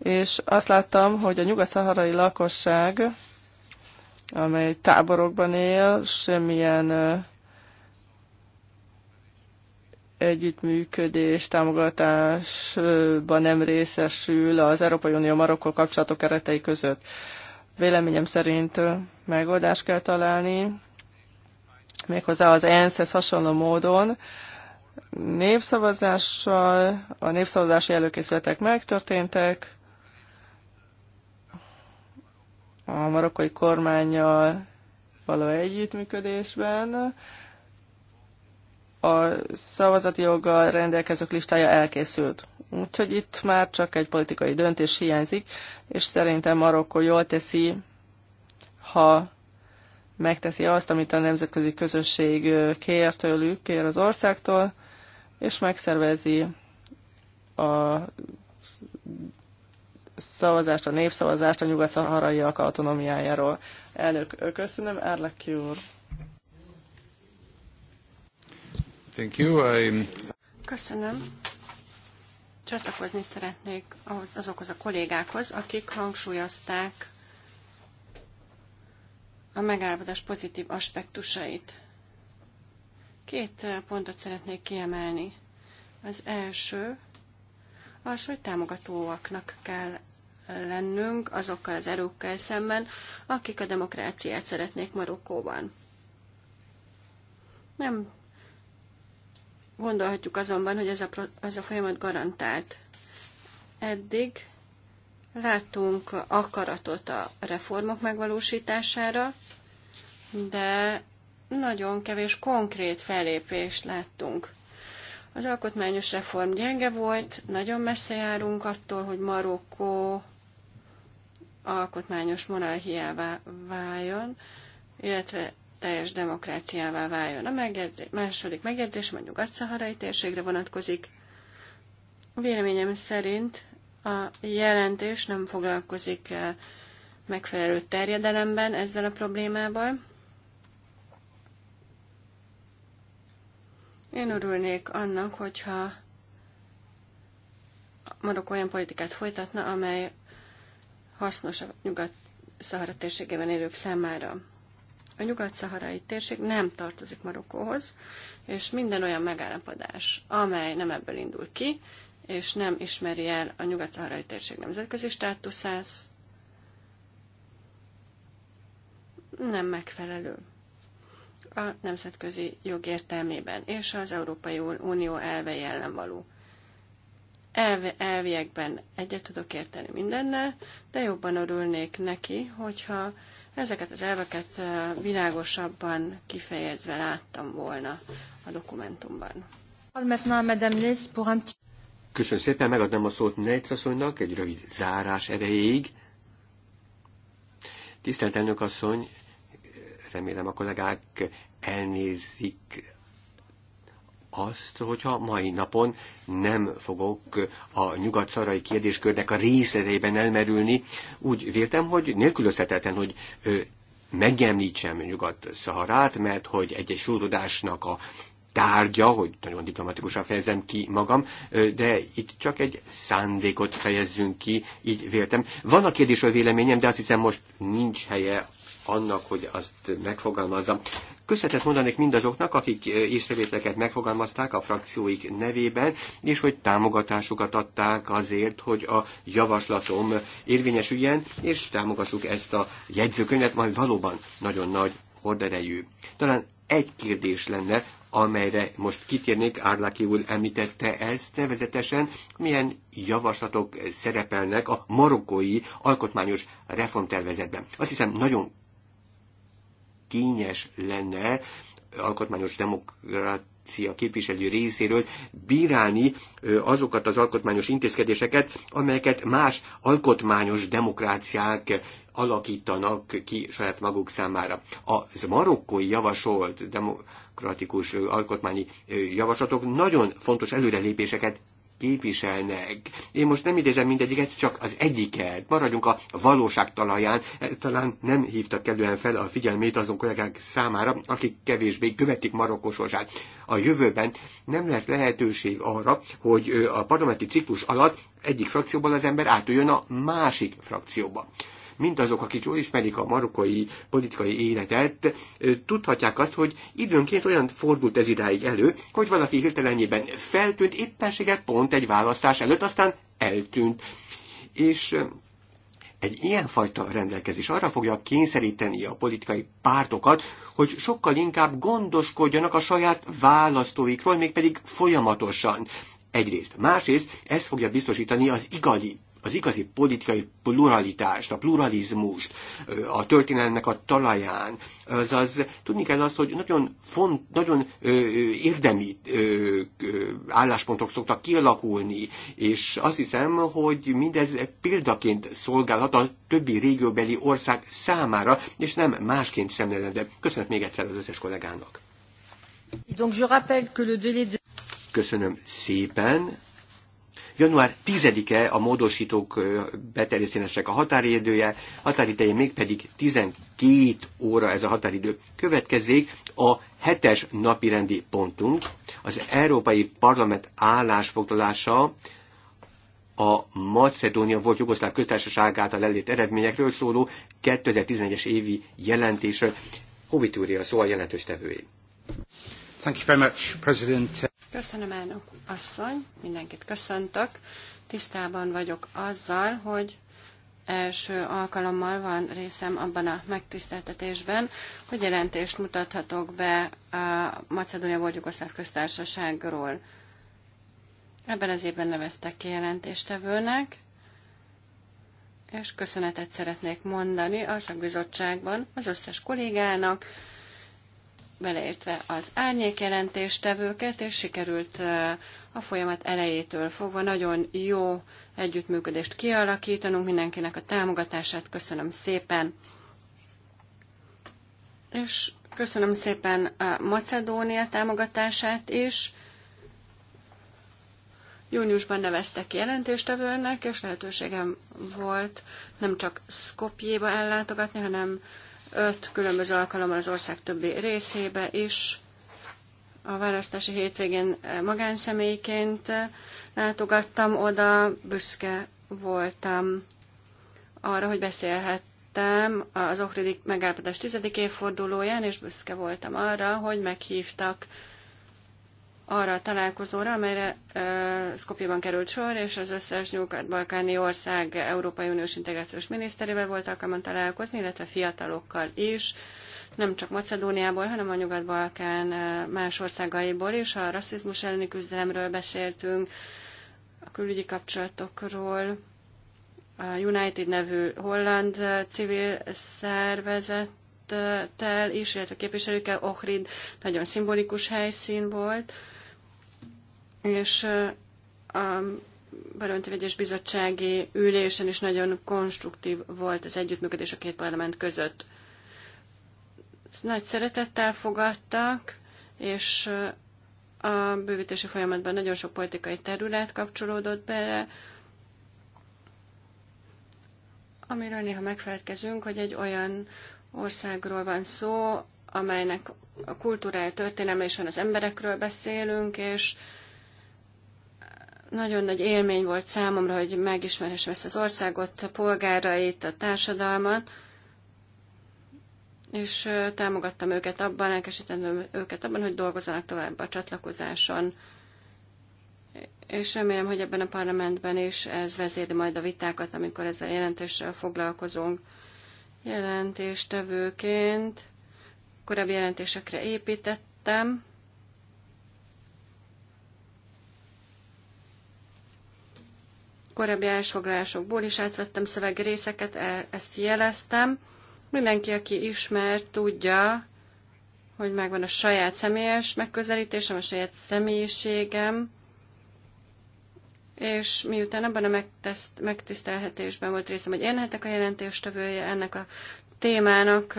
és azt láttam, hogy a nyugat-szaharai lakosság, amely táborokban él, semmilyen eh, együttműködés, támogatásban nem részesül az Európai Unió Marokkó kapcsolatok keretei között. Véleményem szerint eh, megoldást kell találni méghozzá az ENSZ-hez hasonló módon, népszavazással, a népszavazási előkészületek megtörténtek, a marokkai kormányjal való együttműködésben, a szavazati joggal rendelkezők listája elkészült. Úgyhogy itt már csak egy politikai döntés hiányzik, és szerintem Marokkó jól teszi, ha megteszi azt, amit a nemzetközi közösség kér tőlük, kér az országtól, és megszervezi a szavazást, a népszavazást a nyugat-szaharaiak autonomiájáról. Elnök, köszönöm, Erlek úr. Thank you. I... Köszönöm. Csatlakozni szeretnék azokhoz a kollégákhoz, akik hangsúlyozták a megállapodás pozitív aspektusait. Két pontot szeretnék kiemelni. Az első az, hogy támogatóaknak kell lennünk azokkal az erőkkel szemben, akik a demokráciát szeretnék Marokkóban. Nem gondolhatjuk azonban, hogy ez a, ez a folyamat garantált. Eddig Látunk akaratot a reformok megvalósítására, de nagyon kevés konkrét felépést láttunk. Az alkotmányos reform gyenge volt, nagyon messze járunk attól, hogy Marokkó alkotmányos monarchiává váljon, illetve teljes demokráciává váljon. A megjegyzés, második megjegyzés mondjuk a szaharai térségre vonatkozik. Véleményem szerint a jelentés nem foglalkozik eh, megfelelő terjedelemben ezzel a problémával. Én örülnék annak, hogyha Marok olyan politikát folytatna, amely hasznos a Nyugat-Szahara térségében élők számára. A nyugat-szaharai térség nem tartozik Marokkóhoz, és minden olyan megállapodás, amely nem ebből indul ki, és nem ismeri el a nyugat-szaharai térség nemzetközi státuszát, nem megfelelő a nemzetközi jog értelmében, és az Európai Unió elvei ellen való. Elv- elviekben egyet tudok érteni mindennel, de jobban örülnék neki, hogyha ezeket az elveket világosabban kifejezve láttam volna a dokumentumban. Köszönöm szépen, megadnám a szót Nejc egy rövid zárás erejéig. Tisztelt elnök asszony, remélem a kollégák elnézik azt, hogyha mai napon nem fogok a nyugat-szarai kérdéskörnek a részleteiben elmerülni. Úgy véltem, hogy nélkülözhetetlen, hogy megemlítsem Nyugat-Szaharát, mert hogy egy-egy a tárgya, hogy nagyon diplomatikusan fejezem ki magam, de itt csak egy szándékot fejezzünk ki, így véltem. Van a kérdésről véleményem, de azt hiszem most nincs helye annak, hogy azt megfogalmazzam. Köszönetet mondanék mindazoknak, akik észrevételeket megfogalmazták a frakcióik nevében, és hogy támogatásukat adták azért, hogy a javaslatom érvényesüljen, és támogassuk ezt a jegyzőkönyvet, majd valóban nagyon nagy horderejű. Talán egy kérdés lenne, amelyre most kitérnék, Árláki úr említette ezt, nevezetesen milyen javaslatok szerepelnek a marokkói alkotmányos reformtervezetben. Azt hiszem, nagyon kényes lenne alkotmányos demokrácia képviselő részéről bírálni azokat az alkotmányos intézkedéseket, amelyeket más alkotmányos demokráciák alakítanak ki saját maguk számára. Az marokkói javasolt demo- demokratikus alkotmányi javaslatok nagyon fontos előrelépéseket képviselnek. Én most nem idézem mindegyiket, csak az egyiket. Maradjunk a valóság talaján. E, talán nem hívtak kellően fel a figyelmét azon kollégák számára, akik kevésbé követik Marokkó sorsát. A jövőben nem lesz lehetőség arra, hogy a parlamenti ciklus alatt egyik frakcióból az ember átüljön a másik frakcióba mindazok, akik jól ismerik a marokkai politikai életet, tudhatják azt, hogy időnként olyan fordult ez idáig elő, hogy valaki hirtelenjében feltűnt éppenséget pont egy választás előtt, aztán eltűnt. És egy ilyenfajta rendelkezés arra fogja kényszeríteni a politikai pártokat, hogy sokkal inkább gondoskodjanak a saját választóikról, mégpedig folyamatosan. Egyrészt. Másrészt ez fogja biztosítani az igazi az igazi politikai pluralitást, a pluralizmust a történelmnek a talaján, az az tudni kell azt, hogy nagyon, font, nagyon érdemi álláspontok szoktak kialakulni, és azt hiszem, hogy mindez példaként szolgálhat a többi régióbeli ország számára, és nem másként de köszönöm még egyszer az összes kollégának. Köszönöm szépen. Január 10-e a módosítók beterjesztésének a határidője, határideje pedig 12 óra ez a határidő. következik. a hetes napirendi pontunk, az Európai Parlament állásfoglalása a Macedónia volt Jugoszláv köztársaság által elért eredményekről szóló 2011-es évi jelentésről. Hovitúria szó a jelentős tevői. Thank you very much, President. Köszönöm, elnök asszony, mindenkit köszöntök. Tisztában vagyok azzal, hogy első alkalommal van részem abban a megtiszteltetésben, hogy jelentést mutathatok be a Macedónia volt Jugoszláv köztársaságról. Ebben az évben neveztek ki jelentéstevőnek, és köszönetet szeretnék mondani a szakbizottságban az összes kollégának, beleértve az árnyékjelentéstevőket, és sikerült a folyamat elejétől fogva nagyon jó együttműködést kialakítanunk, mindenkinek a támogatását köszönöm szépen. És köszönöm szépen a Macedónia támogatását is. Júniusban neveztek ki jelentéstevőnek, és lehetőségem volt nem csak Skopjéba ellátogatni, hanem öt különböző alkalommal az ország többi részébe is. A választási hétvégén eh, magánszemélyként eh, látogattam oda, büszke voltam arra, hogy beszélhettem az Ohridi megállapodás tizedik évfordulóján, és büszke voltam arra, hogy meghívtak arra a találkozóra, amelyre uh, Skopjeban került sor, és az összes nyugat-balkáni ország Európai Uniós integrációs miniszterével volt alkalman találkozni, illetve fiatalokkal is, nem csak Macedóniából, hanem a nyugat-balkán más országaiból is. A rasszizmus elleni küzdelemről beszéltünk, a külügyi kapcsolatokról, a United nevű holland civil szervezet tel is, illetve képviselőkkel Ohrid nagyon szimbolikus helyszín volt és a Baronti Vegyes Bizottsági ülésen is nagyon konstruktív volt az együttműködés a két parlament között. nagy szeretettel fogadtak, és a bővítési folyamatban nagyon sok politikai terület kapcsolódott bele, amiről néha megfelelkezünk, hogy egy olyan országról van szó, amelynek a kultúrája, történelme és van az emberekről beszélünk, és nagyon nagy élmény volt számomra, hogy megismerhessem ezt az országot, a polgárait, a társadalmat, és támogattam őket abban, elkesítettem őket abban, hogy dolgozzanak tovább a csatlakozáson. És remélem, hogy ebben a parlamentben is ez vezéri majd a vitákat, amikor ezzel jelentéssel foglalkozunk. Jelentéstevőként korábbi jelentésekre építettem, korábbi elsoglásokból is átvettem szövegrészeket, e, ezt jeleztem. Mindenki, aki ismer, tudja, hogy megvan a saját személyes megközelítésem, a saját személyiségem, és miután abban a megtiszt, megtisztelhetésben volt részem, hogy én lehetek a jelentéstevője ennek a témának,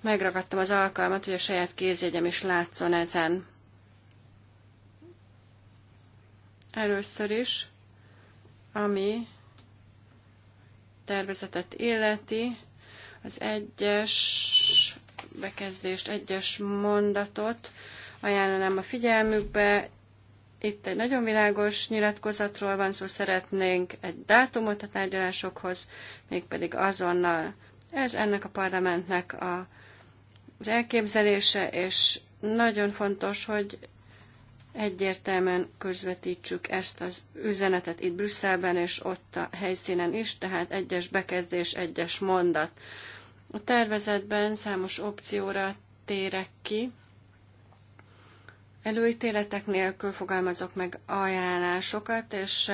megragadtam az alkalmat, hogy a saját kézjegyem is látszon ezen. Először is ami tervezetet illeti, az egyes bekezdést, egyes mondatot ajánlanám a figyelmükbe. Itt egy nagyon világos nyilatkozatról van szó, szeretnénk egy dátumot a tárgyalásokhoz, mégpedig azonnal. Ez ennek a parlamentnek a, az elképzelése, és nagyon fontos, hogy egyértelműen közvetítsük ezt az üzenetet itt Brüsszelben és ott a helyszínen is, tehát egyes bekezdés, egyes mondat. A tervezetben számos opcióra térek ki. Előítéletek nélkül fogalmazok meg ajánlásokat, és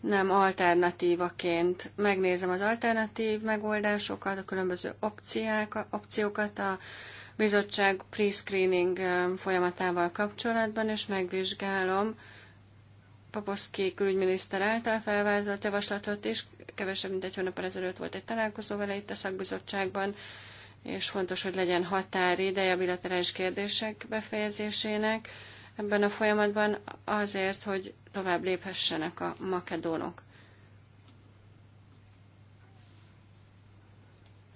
nem alternatívaként. Megnézem az alternatív megoldásokat, a különböző opciák, opciókat, a bizottság pre-screening folyamatával kapcsolatban, és megvizsgálom Paposzki külügyminiszter által felvázolt javaslatot is. Kevesebb, mint egy hónap ezelőtt volt egy találkozó vele itt a szakbizottságban, és fontos, hogy legyen határideje a bilaterális kérdések befejezésének ebben a folyamatban azért, hogy tovább léphessenek a makedónok.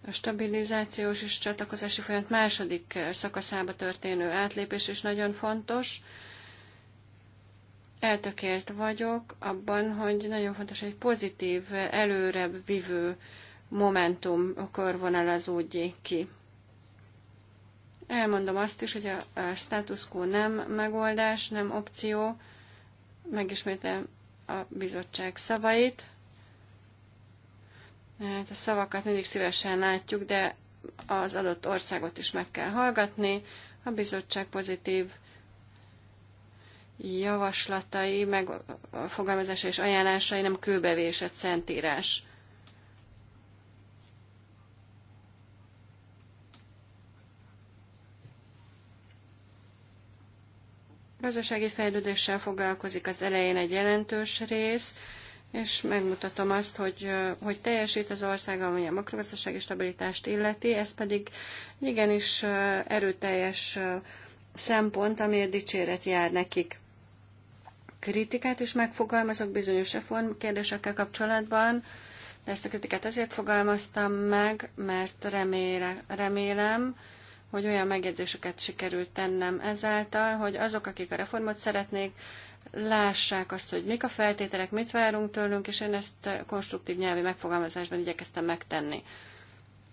A stabilizációs és csatlakozási folyamat második szakaszába történő átlépés is nagyon fontos. Eltökélt vagyok abban, hogy nagyon fontos egy pozitív, előrebb vívő momentum körvonalazódjék ki. Elmondom azt is, hogy a status quo nem megoldás, nem opció. Megismétlem a bizottság szavait. Hát a szavakat mindig szívesen látjuk, de az adott országot is meg kell hallgatni. A bizottság pozitív javaslatai, meg fogalmazása és ajánlásai nem kőbevésett szentírás. Gazdasági fejlődéssel foglalkozik az elején egy jelentős rész, és megmutatom azt, hogy, hogy teljesít az ország, ami a makrogazdasági stabilitást illeti, ez pedig igenis erőteljes szempont, amiért dicséret jár nekik. Kritikát is megfogalmazok bizonyos kérdésekkel kapcsolatban, de ezt a kritikát azért fogalmaztam meg, mert remélem, remélem hogy olyan megjegyzéseket sikerült tennem ezáltal, hogy azok, akik a reformot szeretnék, lássák azt, hogy mik a feltételek, mit várunk tőlünk, és én ezt konstruktív nyelvi megfogalmazásban igyekeztem megtenni.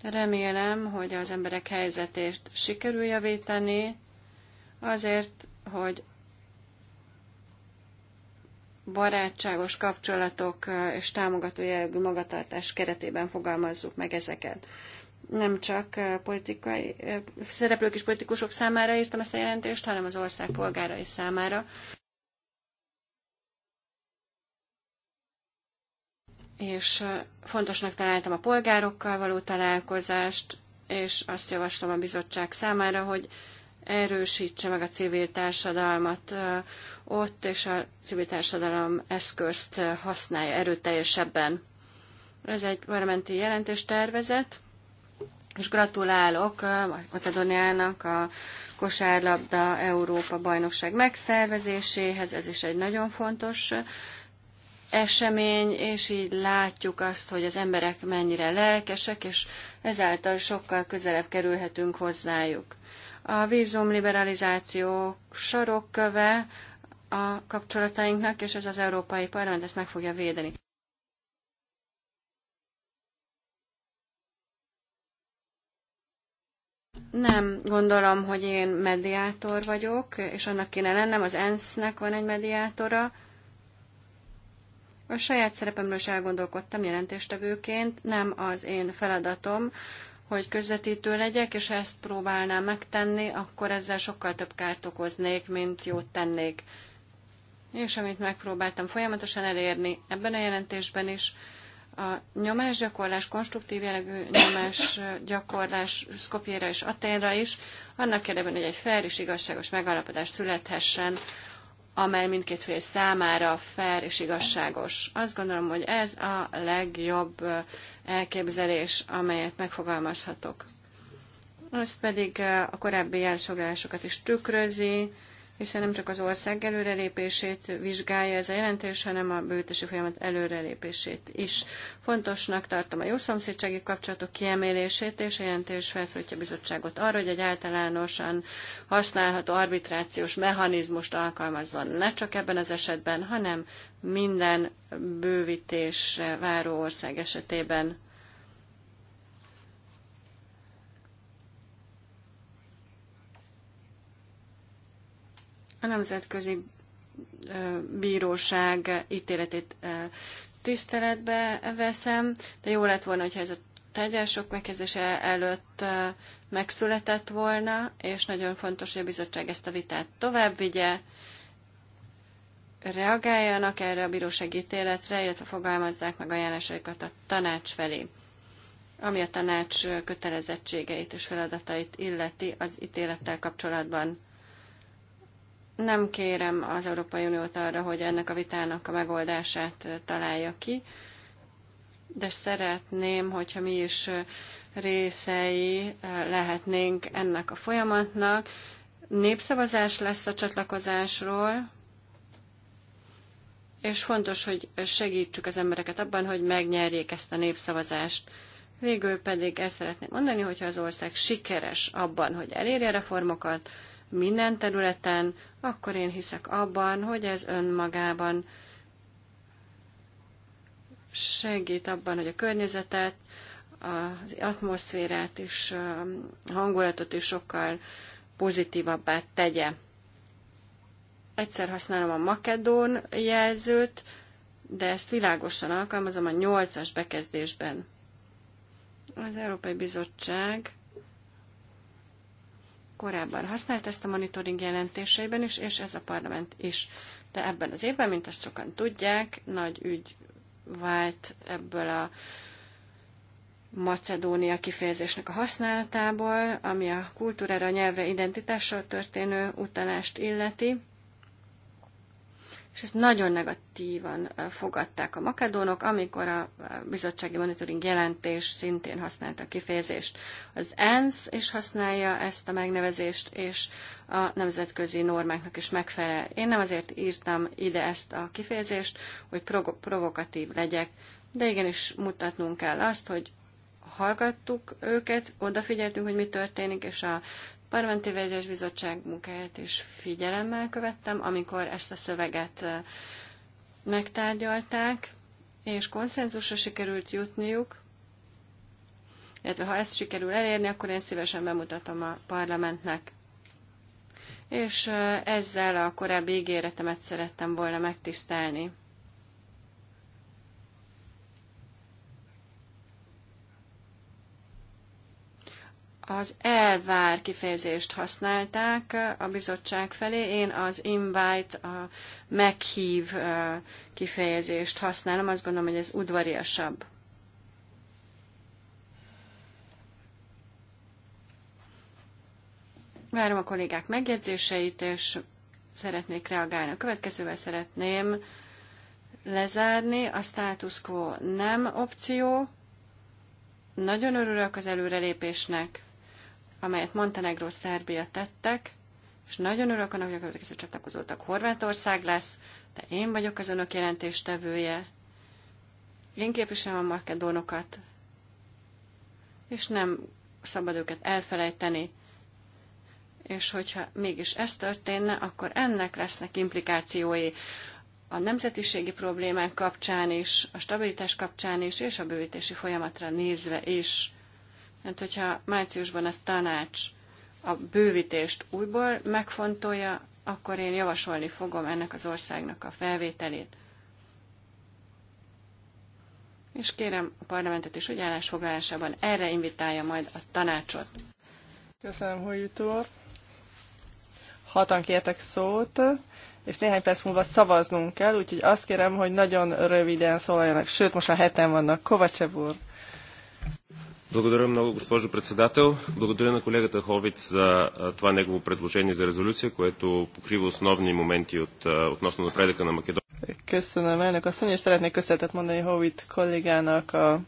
Remélem, hogy az emberek helyzetét sikerül javítani, azért, hogy barátságos kapcsolatok és támogató jellegű magatartás keretében fogalmazzuk meg ezeket. Nem csak eh, politikai eh, szereplők és politikusok számára írtam ezt a jelentést, hanem az ország polgárai számára, és fontosnak találtam a polgárokkal való találkozást, és azt javaslom a bizottság számára, hogy erősítse meg a civil társadalmat ott, és a civil társadalom eszközt használja erőteljesebben. Ez egy parlamenti tervezet és gratulálok Macedóniának a kosárlabda Európa bajnokság megszervezéséhez, ez is egy nagyon fontos esemény, és így látjuk azt, hogy az emberek mennyire lelkesek, és ezáltal sokkal közelebb kerülhetünk hozzájuk. A vízumliberalizáció sarokköve a kapcsolatainknak, és ez az Európai Parlament ezt meg fogja védeni. Nem gondolom, hogy én mediátor vagyok, és annak kéne lennem, az ENSZ-nek van egy mediátora, a saját szerepemről is elgondolkodtam jelentéstevőként, nem az én feladatom, hogy közvetítő legyek, és ha ezt próbálnám megtenni, akkor ezzel sokkal több kárt okoznék, mint jót tennék. És amit megpróbáltam folyamatosan elérni ebben a jelentésben is, a nyomásgyakorlás, konstruktív jellegű nyomásgyakorlás Skopjéra és Aténra is, annak érdekében, hogy egy fel és igazságos megállapodás születhessen amely mindkét fél számára fair és igazságos. Azt gondolom, hogy ez a legjobb elképzelés, amelyet megfogalmazhatok. Az pedig a korábbi elszoglalásokat is tükrözi, hiszen nem csak az ország előrelépését vizsgálja ez a jelentés, hanem a bővítési folyamat előrelépését is. Fontosnak tartom a jó szomszédsági kapcsolatok kiemelését, és a jelentés felszólítja a bizottságot arra, hogy egy általánosan használható arbitrációs mechanizmust alkalmazzon, ne csak ebben az esetben, hanem minden bővítés váró ország esetében. a nemzetközi bíróság ítéletét tiszteletbe veszem, de jó lett volna, hogyha ez a tárgyások megkezdése előtt megszületett volna, és nagyon fontos, hogy a bizottság ezt a vitát tovább vigye, reagáljanak erre a bírósági ítéletre, illetve fogalmazzák meg ajánlásaikat a tanács felé, ami a tanács kötelezettségeit és feladatait illeti az ítélettel kapcsolatban. Nem kérem az Európai Uniót arra, hogy ennek a vitának a megoldását találja ki, de szeretném, hogyha mi is részei lehetnénk ennek a folyamatnak. Népszavazás lesz a csatlakozásról, és fontos, hogy segítsük az embereket abban, hogy megnyerjék ezt a népszavazást. Végül pedig ezt szeretném mondani, hogyha az ország sikeres abban, hogy elérje reformokat minden területen, akkor én hiszek abban, hogy ez önmagában segít abban, hogy a környezetet, az atmoszférát is, a hangulatot is sokkal pozitívabbá tegye. Egyszer használom a makedón jelzőt, de ezt világosan alkalmazom a nyolcas bekezdésben. Az Európai Bizottság korábban használt ezt a monitoring jelentéseiben is, és ez a parlament is. De ebben az évben, mint azt sokan tudják, nagy ügy vált ebből a Macedónia kifejezésnek a használatából, ami a kultúrára, a nyelvre, identitásra történő utalást illeti és ezt nagyon negatívan fogadták a makedónok, amikor a bizottsági monitoring jelentés szintén használta a kifejezést. Az ENSZ is használja ezt a megnevezést, és a nemzetközi normáknak is megfelel. Én nem azért írtam ide ezt a kifejezést, hogy provokatív legyek, de igenis mutatnunk kell azt, hogy hallgattuk őket, odafigyeltünk, hogy mi történik, és a Parlamenti Vegyes Bizottság munkáját is figyelemmel követtem, amikor ezt a szöveget megtárgyalták, és konszenzusra sikerült jutniuk, illetve ha ezt sikerül elérni, akkor én szívesen bemutatom a parlamentnek. És ezzel a korábbi ígéretemet szerettem volna megtisztelni. az elvár kifejezést használták a bizottság felé, én az invite, a meghív kifejezést használom, azt gondolom, hogy ez udvariasabb. Várom a kollégák megjegyzéseit, és szeretnék reagálni. A következővel szeretném lezárni. A status quo nem opció. Nagyon örülök az előrelépésnek amelyet Montenegró Szerbia tettek, és nagyon örülök annak, hogy a következő csatlakozótak Horvátország lesz, de én vagyok az önök jelentéstevője. Én képviselem a makedónokat, és nem szabad őket elfelejteni. És hogyha mégis ez történne, akkor ennek lesznek implikációi a nemzetiségi problémák kapcsán is, a stabilitás kapcsán is, és a bővítési folyamatra nézve is. Mert hogyha márciusban a tanács a bővítést újból megfontolja, akkor én javasolni fogom ennek az országnak a felvételét. És kérem a parlamentet is, hogy állásfoglalásában erre invitálja majd a tanácsot. Köszönöm, hogy jutott. Hatan kértek szót, és néhány perc múlva szavaznunk kell, úgyhogy azt kérem, hogy nagyon röviden szólaljanak. Sőt, most a heten vannak. Kovacsebúr. Благодаря много, госпожо председател. Благодаря на колегата Ховиц за това негово предложение за резолюция, което покрива основни моменти от, относно напредъка на Македония. Köszönöm, elnök asszony, és szeretnék köszönetet mondani Hovit kollégának a,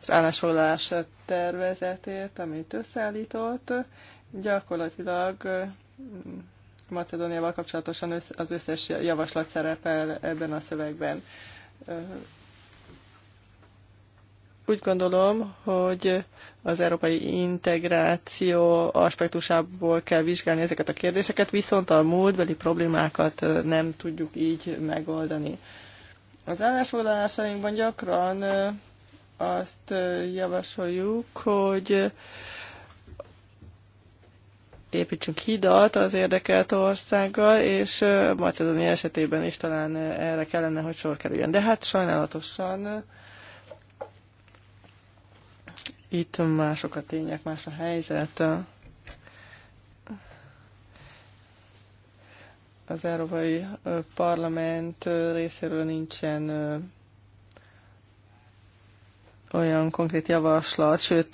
az állásfoglalás tervezetét, amit összeállított. Gyakorlatilag mm, Macedóniával kapcsolatosan az összes javaslat szerepel ebben a szövegben úgy gondolom, hogy az európai integráció aspektusából kell vizsgálni ezeket a kérdéseket, viszont a múltbeli problémákat nem tudjuk így megoldani. Az állásfoglalásainkban gyakran azt javasoljuk, hogy építsünk hidat az érdekelt országgal, és Macedónia esetében is talán erre kellene, hogy sor kerüljön. De hát sajnálatosan itt mások a tények, más a helyzet. Az Európai Parlament részéről nincsen olyan konkrét javaslat, sőt,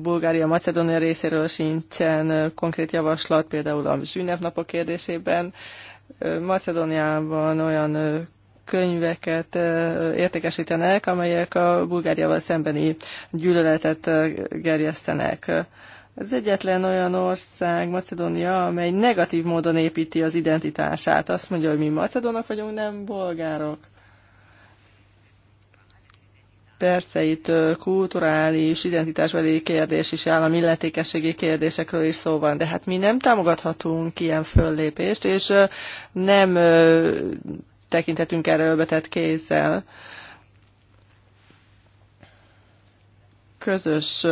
Bulgária, Macedónia részéről sincsen konkrét javaslat, például a zsűnepnapok kérdésében. Macedóniában olyan könyveket értékesítenek, amelyek a Bulgáriával szembeni gyűlöletet gerjesztenek. Az egyetlen olyan ország, Macedónia, amely negatív módon építi az identitását. Azt mondja, hogy mi macedónok vagyunk, nem bolgárok. Persze itt kulturális, identitásbeli kérdés is állami illetékességi kérdésekről is szó van, de hát mi nem támogathatunk ilyen föllépést, és nem tekinthetünk erre öbetett kézzel. Közös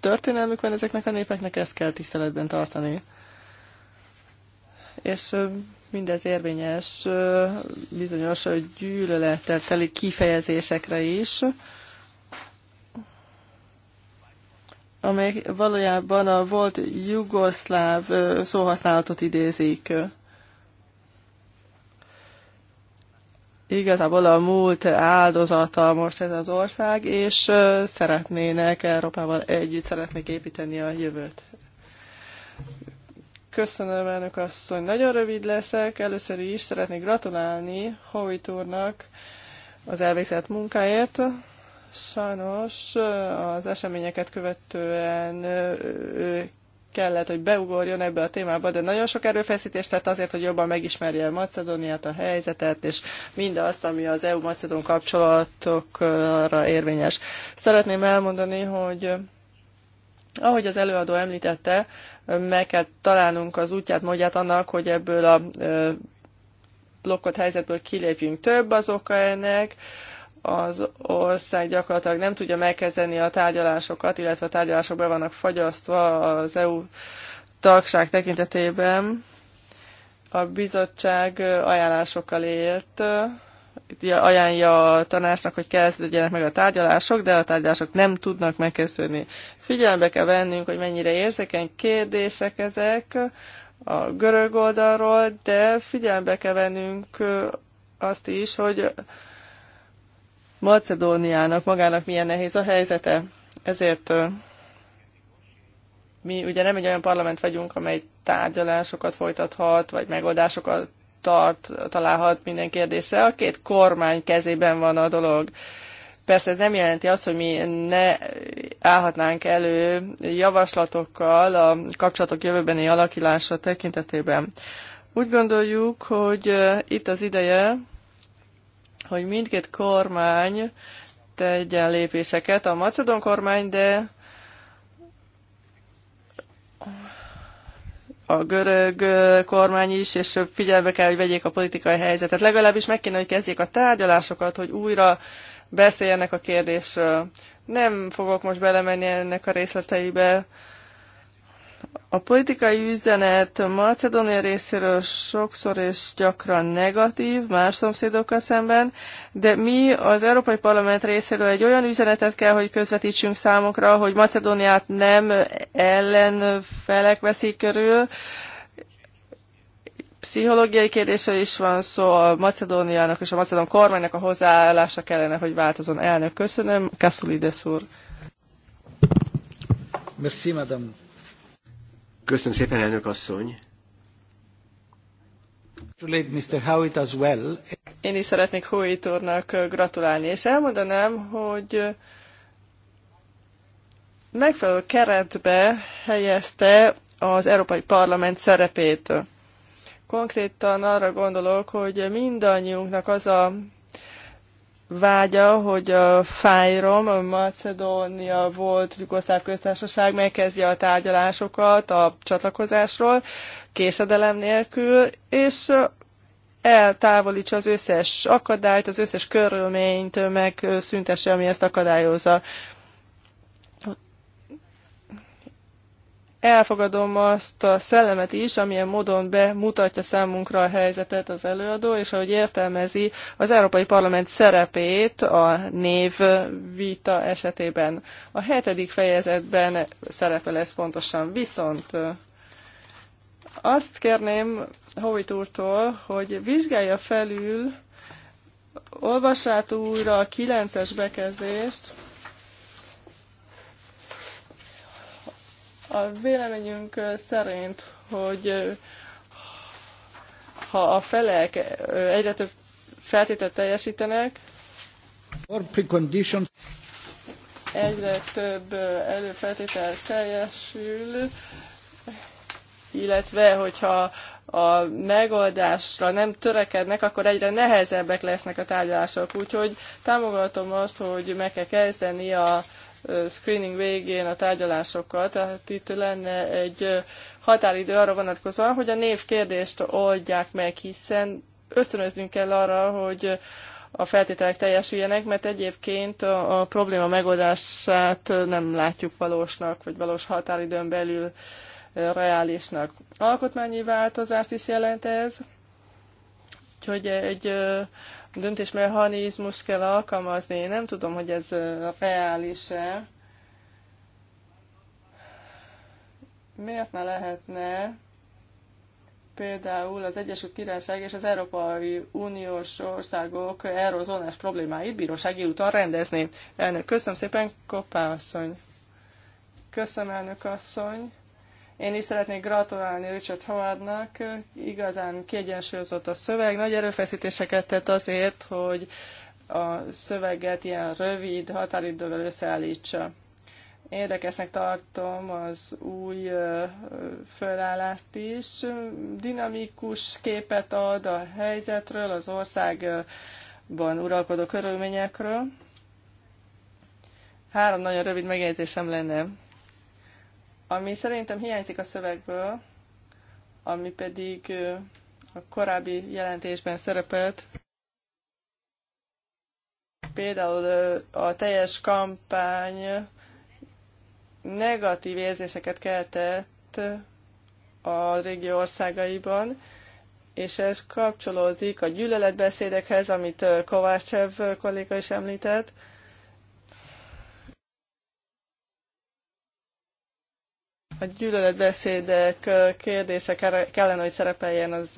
történelmük van ezeknek a népeknek, ezt kell tiszteletben tartani. És mindez érvényes bizonyos gyűlölettel teli kifejezésekre is, amely valójában a volt jugoszláv szóhasználatot idézik. igazából a múlt áldozata most ez az ország, és szeretnének Európával együtt szeretnék építeni a jövőt. Köszönöm, elnök asszony. Nagyon rövid leszek. Először is szeretnék gratulálni Hovit úrnak az elvégzett munkáért. Sajnos az eseményeket követően ő kellett, hogy beugorjon ebbe a témába, de nagyon sok erőfeszítést tett azért, hogy jobban megismerje a Macedóniát, a helyzetet, és mindazt, ami az EU-Macedón kapcsolatokra érvényes. Szeretném elmondani, hogy ahogy az előadó említette, meg kell találnunk az útját, módját annak, hogy ebből a blokkot helyzetből kilépjünk. Több az oka ennek, az ország gyakorlatilag nem tudja megkezdeni a tárgyalásokat, illetve a tárgyalások be vannak fagyasztva az EU tagság tekintetében. A bizottság ajánlásokkal élt, ajánlja a tanácsnak, hogy kezdjenek meg a tárgyalások, de a tárgyalások nem tudnak megkezdődni. Figyelembe kell vennünk, hogy mennyire érzékeny kérdések ezek a görög oldalról, de figyelembe kell vennünk azt is, hogy Macedóniának magának milyen nehéz a helyzete. Ezért mi ugye nem egy olyan parlament vagyunk, amely tárgyalásokat folytathat, vagy megoldásokat tart, találhat minden kérdésre. A két kormány kezében van a dolog. Persze ez nem jelenti azt, hogy mi ne állhatnánk elő javaslatokkal a kapcsolatok jövőbeni alakulása tekintetében. Úgy gondoljuk, hogy itt az ideje, hogy mindkét kormány tegyen lépéseket, a macedon kormány, de a görög kormány is, és figyelbe kell, hogy vegyék a politikai helyzetet. Legalábbis meg kéne, hogy kezdjék a tárgyalásokat, hogy újra beszéljenek a kérdésről. Nem fogok most belemenni ennek a részleteibe, a politikai üzenet Macedónia részéről sokszor és gyakran negatív más szomszédokkal szemben, de mi az Európai Parlament részéről egy olyan üzenetet kell, hogy közvetítsünk számokra, hogy Macedóniát nem ellenfelek veszik körül. Pszichológiai kérdése is van szó, a Macedóniának és a Macedón kormánynak a hozzáállása kellene, hogy változon elnök. Köszönöm, Kasulides úr. Merci, madame. Köszönöm szépen, elnök asszony. Mr. Howitt as well. Én is szeretnék Howitt úrnak gratulálni, és elmondanám, hogy megfelelő keretbe helyezte az Európai Parlament szerepét. Konkrétan arra gondolok, hogy mindannyiunknak az a vágya, hogy a Fájrom, a Macedónia volt Jugoszláv köztársaság megkezdi a tárgyalásokat a csatlakozásról késedelem nélkül, és eltávolítsa az összes akadályt, az összes körülményt megszüntesse, ami ezt akadályozza. elfogadom azt a szellemet is, amilyen módon bemutatja számunkra a helyzetet az előadó, és ahogy értelmezi az Európai Parlament szerepét a névvita esetében. A hetedik fejezetben szerepel ez pontosan. Viszont azt kérném Hovit úrtól, hogy vizsgálja felül, olvassát újra a kilences bekezdést, A véleményünk szerint, hogy ha a felek egyre több feltételt teljesítenek, egyre több előfeltétel teljesül, illetve hogyha a megoldásra nem törekednek, akkor egyre nehezebbek lesznek a tárgyalások. Úgyhogy támogatom azt, hogy meg kell kezdeni a screening végén a tárgyalásokkal, tehát itt lenne egy határidő arra vonatkozóan, hogy a név kérdést oldják meg, hiszen ösztönöznünk kell arra, hogy a feltételek teljesüljenek, mert egyébként a, a probléma megoldását nem látjuk valósnak, vagy valós határidőn belül reálisnak. Alkotmányi változást is jelent ez, úgyhogy egy döntésmechanizmus kell alkalmazni. Én nem tudom, hogy ez reális-e. Miért ne lehetne például az Egyesült Királyság és az Európai Uniós országok eurozónás problémáit bírósági úton rendezni? Elnök, köszönöm szépen, Kopá asszony. Köszönöm, elnök asszony. Én is szeretnék gratulálni Richard Howardnak. Igazán kiegyensúlyozott a szöveg. Nagy erőfeszítéseket tett azért, hogy a szöveget ilyen rövid határidővel összeállítsa. Érdekesnek tartom az új fölállást is. Dinamikus képet ad a helyzetről, az országban uralkodó körülményekről. Három nagyon rövid megjegyzésem lenne ami szerintem hiányzik a szövegből, ami pedig a korábbi jelentésben szerepelt, például a teljes kampány negatív érzéseket keltett a régi országaiban, és ez kapcsolódik a gyűlöletbeszédekhez, amit Kovácsev kolléga is említett, a gyűlöletbeszédek kérdése kellene, hogy szerepeljen az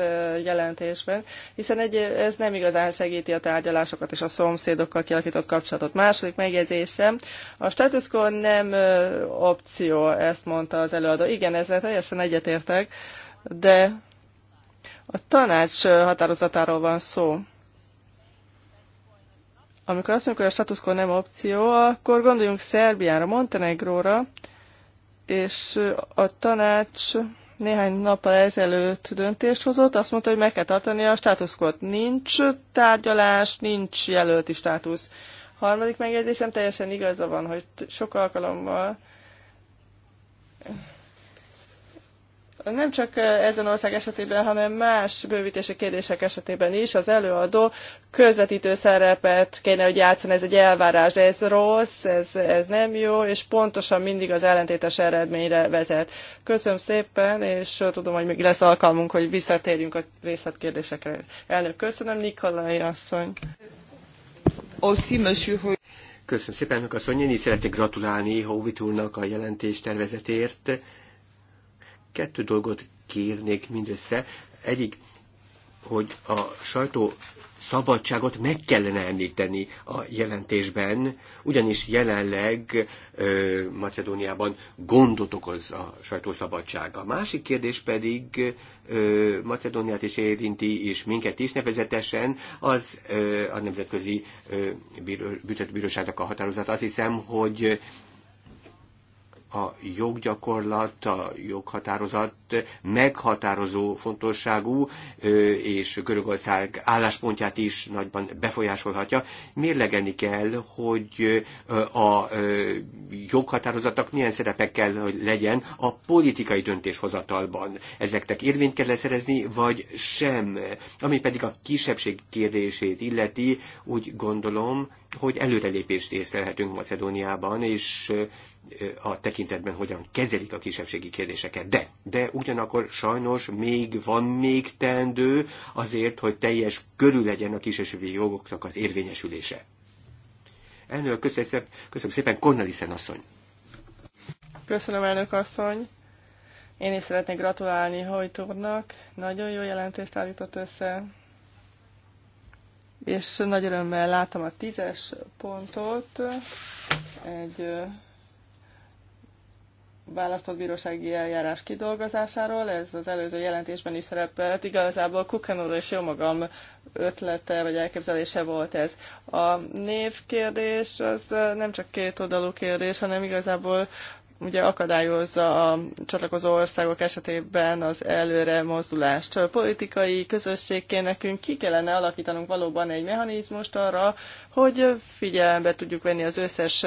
jelentésben, hiszen egy, ez nem igazán segíti a tárgyalásokat és a szomszédokkal kialakított kapcsolatot. Második megjegyzésem, a status quo nem opció, ezt mondta az előadó. Igen, ezzel teljesen egyetértek, de a tanács határozatáról van szó. Amikor azt mondjuk, hogy a status quo nem opció, akkor gondoljunk Szerbiára, Montenegróra, és a tanács néhány nappal ezelőtt döntést hozott, azt mondta, hogy meg kell tartani a státuszkot. Nincs tárgyalás, nincs jelölti státusz. Harmadik megjegyzésem teljesen igaza van, hogy sok alkalommal nem csak ezen ország esetében, hanem más bővítési kérdések esetében is az előadó közvetítő szerepet kéne, hogy játszani, ez egy elvárás, de ez rossz, ez, ez nem jó, és pontosan mindig az ellentétes eredményre vezet. Köszönöm szépen, és tudom, hogy még lesz alkalmunk, hogy visszatérjünk a részletkérdésekre. Elnök, köszönöm, Nikolai asszony. Aussi, monsieur. Köszönöm szépen, asszony, én is szeretnék gratulálni Hóvit úrnak a jelentés tervezetért. Kettő dolgot kérnék mindössze. Egyik, hogy a sajtó szabadságot meg kellene említeni a jelentésben, ugyanis jelenleg ö, Macedóniában gondot okoz a sajtószabadság. A másik kérdés pedig ö, Macedóniát is érinti, és minket is nevezetesen, az ö, a Nemzetközi Büntetőbíróságnak a határozat. Azt hiszem, hogy a joggyakorlat, a joghatározat meghatározó fontosságú, és Görögország álláspontját is nagyban befolyásolhatja. legenni kell, hogy a joghatározatnak milyen szerepe kell, hogy legyen a politikai döntéshozatalban. Ezeknek érvényt kell leszerezni, vagy sem. Ami pedig a kisebbség kérdését illeti, úgy gondolom, hogy előrelépést észlelhetünk Macedóniában, és a tekintetben hogyan kezelik a kisebbségi kérdéseket. De, de ugyanakkor sajnos még van még teendő azért, hogy teljes körül legyen a kisebbségi jogoknak az érvényesülése. Elnök, köszönöm szépen, köszönöm szépen Cornelissen asszony. Köszönöm, elnök asszony. Én is szeretnék gratulálni Hojtónak. Nagyon jó jelentést állított össze. És nagy örömmel láttam a tízes pontot. Egy választott bírósági eljárás kidolgozásáról, ez az előző jelentésben is szerepelt. Igazából Kukan és jó magam ötlete vagy elképzelése volt ez. A névkérdés az nem csak két oldalú kérdés, hanem igazából ugye akadályozza a csatlakozó országok esetében az előre mozdulást. A politikai közösségként nekünk ki kellene alakítanunk valóban egy mechanizmust arra, hogy figyelembe tudjuk venni az összes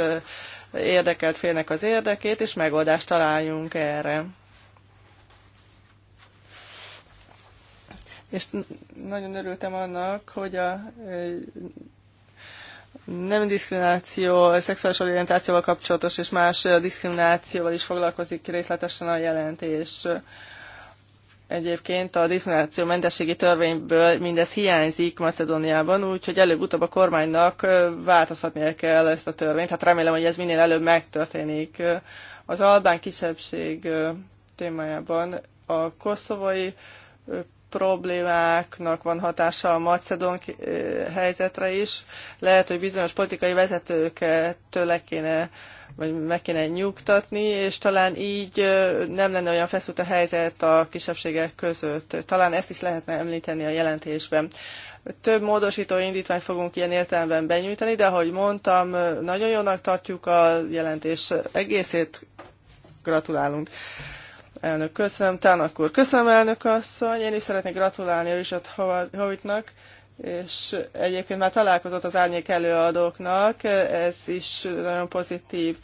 érdekelt félnek az érdekét, és megoldást találjunk erre. És nagyon örültem annak, hogy a nem diszkrimináció, szexuális orientációval kapcsolatos és más diszkriminációval is foglalkozik részletesen a jelentés. Egyébként a diszkrimináció mentességi törvényből mindez hiányzik Macedóniában, úgyhogy előbb-utóbb a kormánynak változtatnia kell ezt a törvényt. Hát remélem, hogy ez minél előbb megtörténik. Az albán kisebbség témájában a koszovai problémáknak van hatása a macedon helyzetre is. Lehet, hogy bizonyos politikai vezetőket tőle kéne vagy meg kéne nyugtatni, és talán így nem lenne olyan feszült a helyzet a kisebbségek között. Talán ezt is lehetne említeni a jelentésben. Több módosító indítványt fogunk ilyen értelemben benyújtani, de ahogy mondtam, nagyon jónak tartjuk a jelentés egészét. Gratulálunk. Elnök, köszönöm. Tán akkor köszönöm, elnök asszony. Én is szeretnék gratulálni Richard Howitnak. Howard- és egyébként már találkozott az árnyék előadóknak, ez is nagyon pozitív.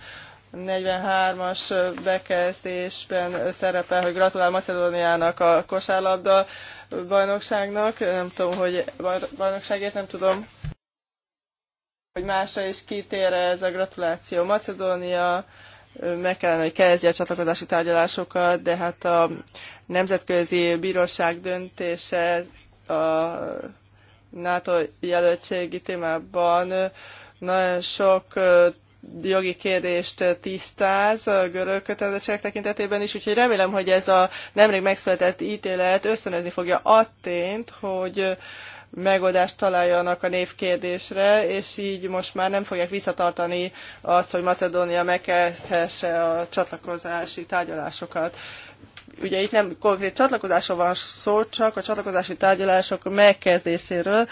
43-as bekezdésben szerepel, hogy gratulál Macedóniának a kosárlabda bajnokságnak, nem tudom, hogy bajnokságért nem tudom, hogy másra is kitér ez a gratuláció. Macedónia meg kellene, hogy kezdje a csatlakozási tárgyalásokat, de hát a nemzetközi bíróság döntése a NATO jelöltségi témában nagyon sok jogi kérdést tisztáz a görög kötelezettség tekintetében is, úgyhogy remélem, hogy ez a nemrég megszületett ítélet ösztönözni fogja attént, hogy megoldást találjanak a névkérdésre, és így most már nem fogják visszatartani azt, hogy Macedónia megkezdhesse a csatlakozási tárgyalásokat ugye itt nem konkrét csatlakozásról van szó, csak a csatlakozási tárgyalások megkezdéséről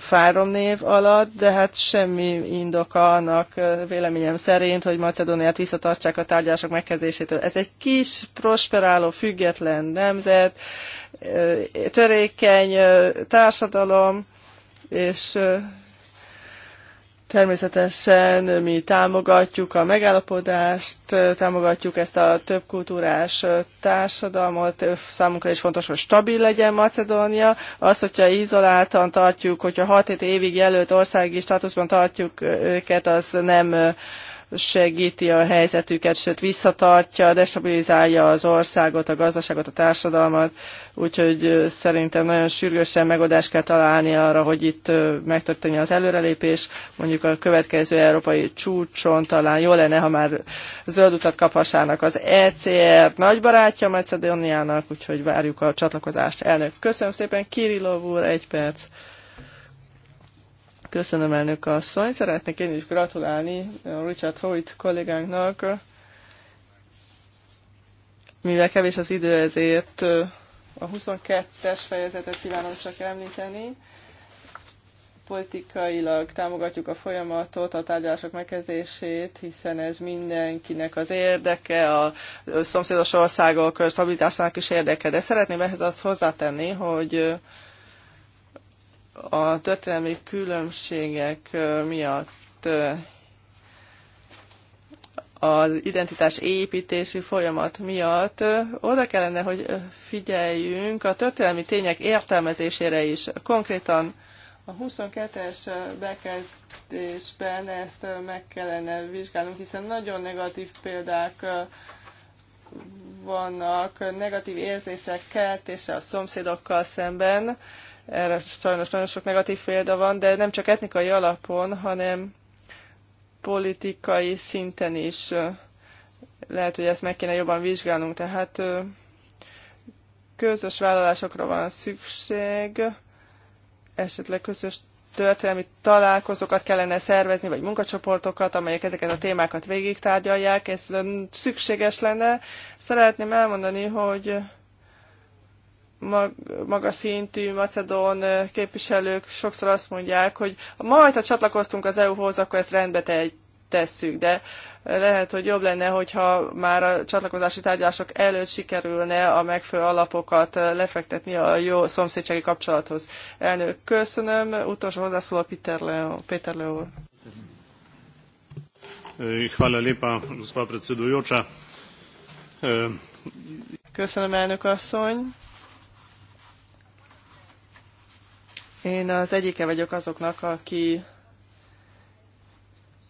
fárom név alatt, de hát semmi indoka annak véleményem szerint, hogy Macedóniát visszatartsák a tárgyalások megkezdésétől. Ez egy kis, prosperáló, független nemzet, törékeny társadalom, és Természetesen mi támogatjuk a megállapodást, támogatjuk ezt a többkultúrás társadalmat. Számunkra is fontos, hogy stabil legyen Macedónia. Az, hogyha izoláltan tartjuk, hogyha 6-7 évig jelölt országi státuszban tartjuk őket, az nem segíti a helyzetüket, sőt visszatartja, destabilizálja az országot, a gazdaságot, a társadalmat, úgyhogy szerintem nagyon sürgősen megoldást kell találni arra, hogy itt megtörténjen az előrelépés. Mondjuk a következő európai csúcson talán jó lenne, ha már zöld utat kaphassának az ECR nagy barátja Macedóniának, úgyhogy várjuk a csatlakozást. Elnök, köszönöm szépen, Kirillov úr, egy perc. Köszönöm, elnök asszony. Szeretnék én is gratulálni Richard Hoyt kollégánknak. Mivel kevés az idő, ezért a 22-es fejezetet kívánom csak említeni. Politikailag támogatjuk a folyamatot, a tárgyalások megkezdését, hiszen ez mindenkinek az érdeke, a szomszédos országok stabilitásának is érdeke. De szeretném ehhez azt hozzátenni, hogy a történelmi különbségek miatt az identitás építési folyamat miatt oda kellene, hogy figyeljünk a történelmi tények értelmezésére is. Konkrétan a 22-es bekezdésben ezt meg kellene vizsgálnunk, hiszen nagyon negatív példák vannak, negatív érzések keltése a szomszédokkal szemben, erre sajnos nagyon sok negatív példa van, de nem csak etnikai alapon, hanem politikai szinten is lehet, hogy ezt meg kéne jobban vizsgálnunk. Tehát közös vállalásokra van szükség, esetleg közös történelmi találkozókat kellene szervezni, vagy munkacsoportokat, amelyek ezeket a témákat végigtárgyalják. Ez szükséges lenne. Szeretném elmondani, hogy mag, magas szintű macedón képviselők sokszor azt mondják, hogy majd, ha csatlakoztunk az EU-hoz, akkor ezt rendbe tesszük, de lehet, hogy jobb lenne, hogyha már a csatlakozási tárgyalások előtt sikerülne a megfelelő alapokat lefektetni a jó szomszédsági kapcsolathoz. Elnök, köszönöm. Utolsó hozzászóló a Leo. Péter Leo. Hvala lepa, gospa predsedujoča. Köszönöm, elnök asszony. Én az egyike vagyok azoknak, aki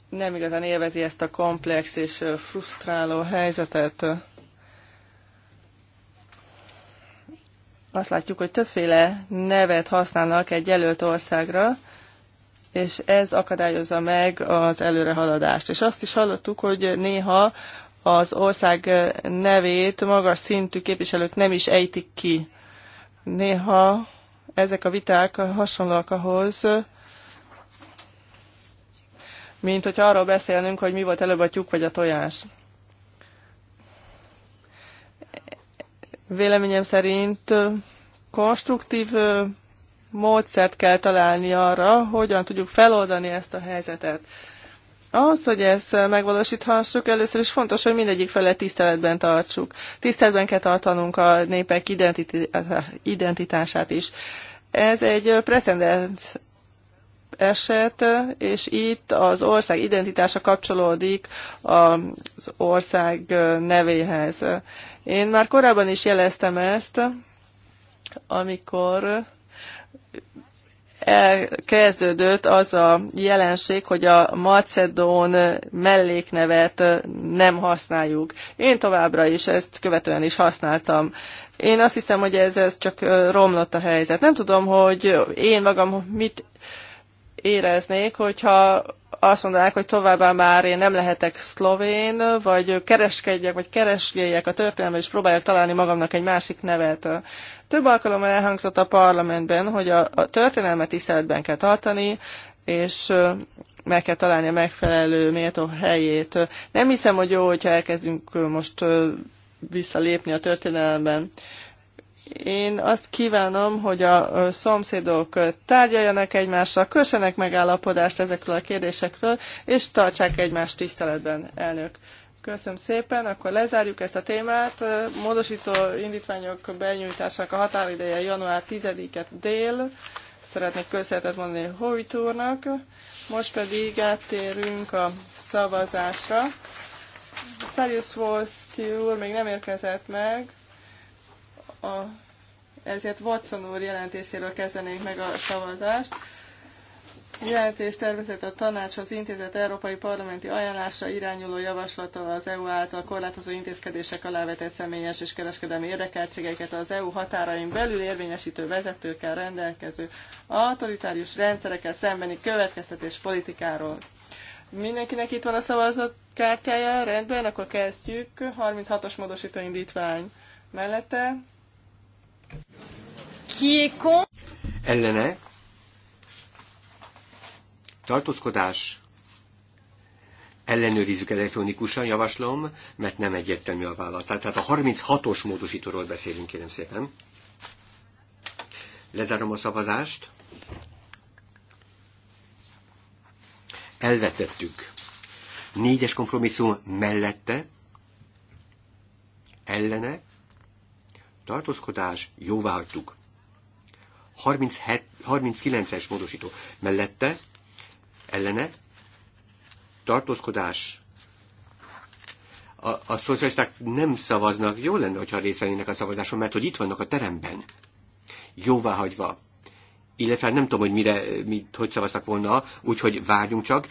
nem igazán élvezi ezt a komplex és frusztráló helyzetet. Azt látjuk, hogy többféle nevet használnak egy jelölt országra, és ez akadályozza meg az előrehaladást. És azt is hallottuk, hogy néha az ország nevét magas szintű képviselők nem is ejtik ki. Néha ezek a viták hasonlóak ahhoz, mint hogyha arról beszélnünk, hogy mi volt előbb a tyúk vagy a tojás. Véleményem szerint konstruktív módszert kell találni arra, hogyan tudjuk feloldani ezt a helyzetet. Ahhoz, hogy ezt megvalósíthassuk, először is fontos, hogy mindegyik felet tiszteletben tartsuk. Tiszteletben kell tartanunk a népek identitását is. Ez egy precedens eset, és itt az ország identitása kapcsolódik az ország nevéhez. Én már korábban is jeleztem ezt, amikor kezdődött az a jelenség, hogy a macedón melléknevet nem használjuk. Én továbbra is ezt követően is használtam. Én azt hiszem, hogy ez, ez csak romlott a helyzet. Nem tudom, hogy én magam mit éreznék, hogyha azt mondanák, hogy továbbá már én nem lehetek szlovén, vagy kereskedjek, vagy keresgéljek a történelmet, és próbáljak találni magamnak egy másik nevet. Több alkalommal elhangzott a parlamentben, hogy a, a történelmet tiszteletben kell tartani, és meg kell találni a megfelelő méltó helyét. Nem hiszem, hogy jó, hogyha elkezdünk most visszalépni a történelemben. Én azt kívánom, hogy a szomszédok tárgyaljanak egymással, kössenek megállapodást ezekről a kérdésekről, és tartsák egymást tiszteletben, elnök. Köszönöm szépen, akkor lezárjuk ezt a témát. Módosító indítványok benyújtásának a határideje január 10 et dél. Szeretnék köszönetet mondani Hovit úrnak. Most pedig áttérünk a szavazásra. Szerjusz Volszki úr még nem érkezett meg. A, ezért Watson úr jelentéséről kezdenénk meg a szavazást. Jelentés tervezett a tanács az intézet Európai Parlamenti ajánlásra irányuló javaslata az EU által korlátozó intézkedések alá vetett személyes és kereskedelmi érdekeltségeket az EU határain belül érvényesítő vezetőkkel rendelkező autoritárius rendszerekkel szembeni következtetés politikáról. Mindenkinek itt van a szavazatkártyája, rendben, akkor kezdjük. 36-os módosító indítvány mellette, ki est con? Ellene. Tartózkodás. Ellenőrizzük elektronikusan, javaslom, mert nem egyértelmű a válasz. Tehát a 36-os módosítóról beszélünk, kérem szépen. Lezárom a szavazást. Elvetettük. Négyes kompromisszum mellette, ellene, tartózkodás, jóvá hagytuk. 39-es módosító mellette, ellene, tartózkodás, a, a szocialisták nem szavaznak, jó lenne, hogyha részvennének a szavazáson, mert hogy itt vannak a teremben, jóvá hagyva. Illetve nem tudom, hogy mire, mit, hogy szavaztak volna, úgyhogy várjunk csak.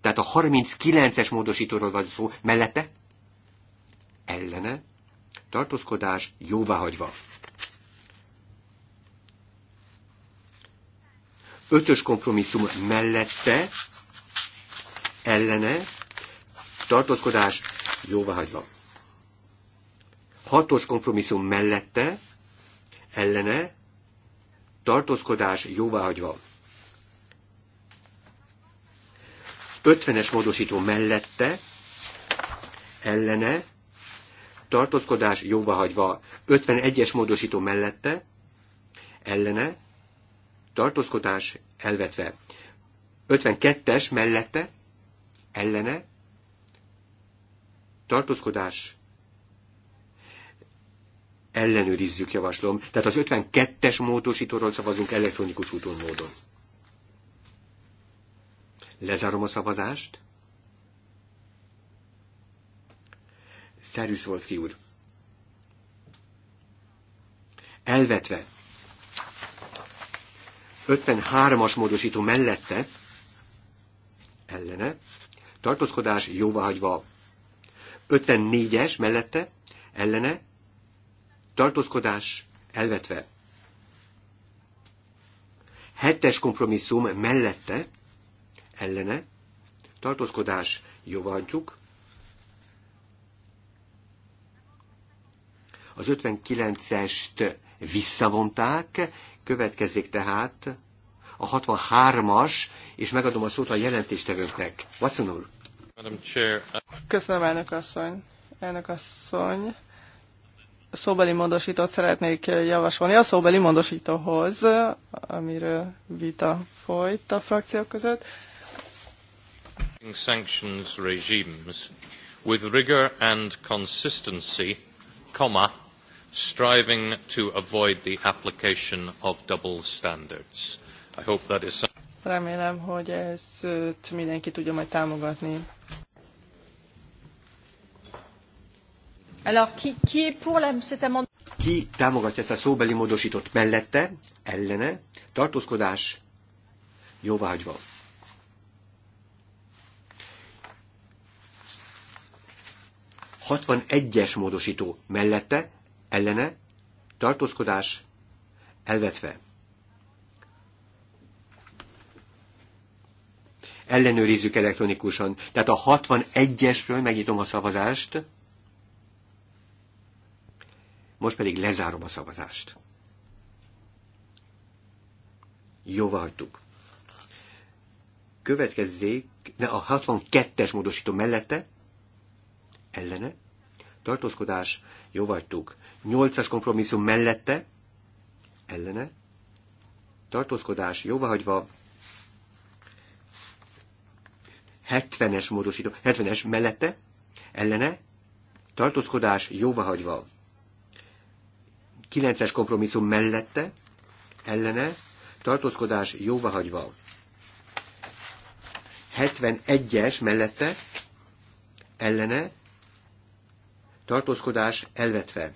Tehát a 39-es módosítóról van szó, mellette, ellene, tartózkodás jóváhagyva. Ötös kompromisszum mellette, ellene, tartózkodás jóváhagyva. Hatos kompromisszum mellette, ellene, tartózkodás jóváhagyva. Ötvenes módosító mellette, ellene, tartózkodás jóvahagyva 51-es módosító mellette, ellene, tartózkodás elvetve 52-es mellette, ellene, tartózkodás ellenőrizzük, javaslom. Tehát az 52-es módosítóról szavazunk elektronikus úton módon. Lezárom a szavazást. Szerűsz volt úr. Elvetve 53-as módosító mellette ellene, tartózkodás jóváhagyva 54-es mellette ellene, tartózkodás elvetve. 7-es kompromisszum mellette ellene, tartózkodás jóváhagyjuk, Az 59-est visszavonták, következik tehát a 63-as, és megadom a szót a jelentéstevőknek. Watson úr. Uh, Köszönöm, elnök asszony. Elnök asszony szóbeli módosítót szeretnék javasolni a szóbeli módosítóhoz, amiről vita folyt a frakciók között. Sanctions regimes with rigor and consistency, comma, striving to avoid the application of double standards. I hope that is Remélem, hogy ezt mindenki tudja majd támogatni. Alors, qui, qui est pour la, cet amendement? Ki támogatja ezt a szóbeli módosított mellette, ellene, tartózkodás, jóváhagyva. 61 egyes módosító mellette, ellene, tartózkodás elvetve. Ellenőrizzük elektronikusan. Tehát a 61-esről megnyitom a szavazást, most pedig lezárom a szavazást. Jóvá hagytuk. Következzék de a 62-es módosító mellette, ellene, tartózkodás, jó vagytuk, nyolcas kompromisszum mellette, ellene, tartózkodás, jóvahagyva, 70-es módosító, 70-es mellette, ellene, tartózkodás, jóvahagyva. 9-es kompromisszum mellette, ellene, tartózkodás, jóvahagyva. 71-es mellette, ellene, tartózkodás elvetve.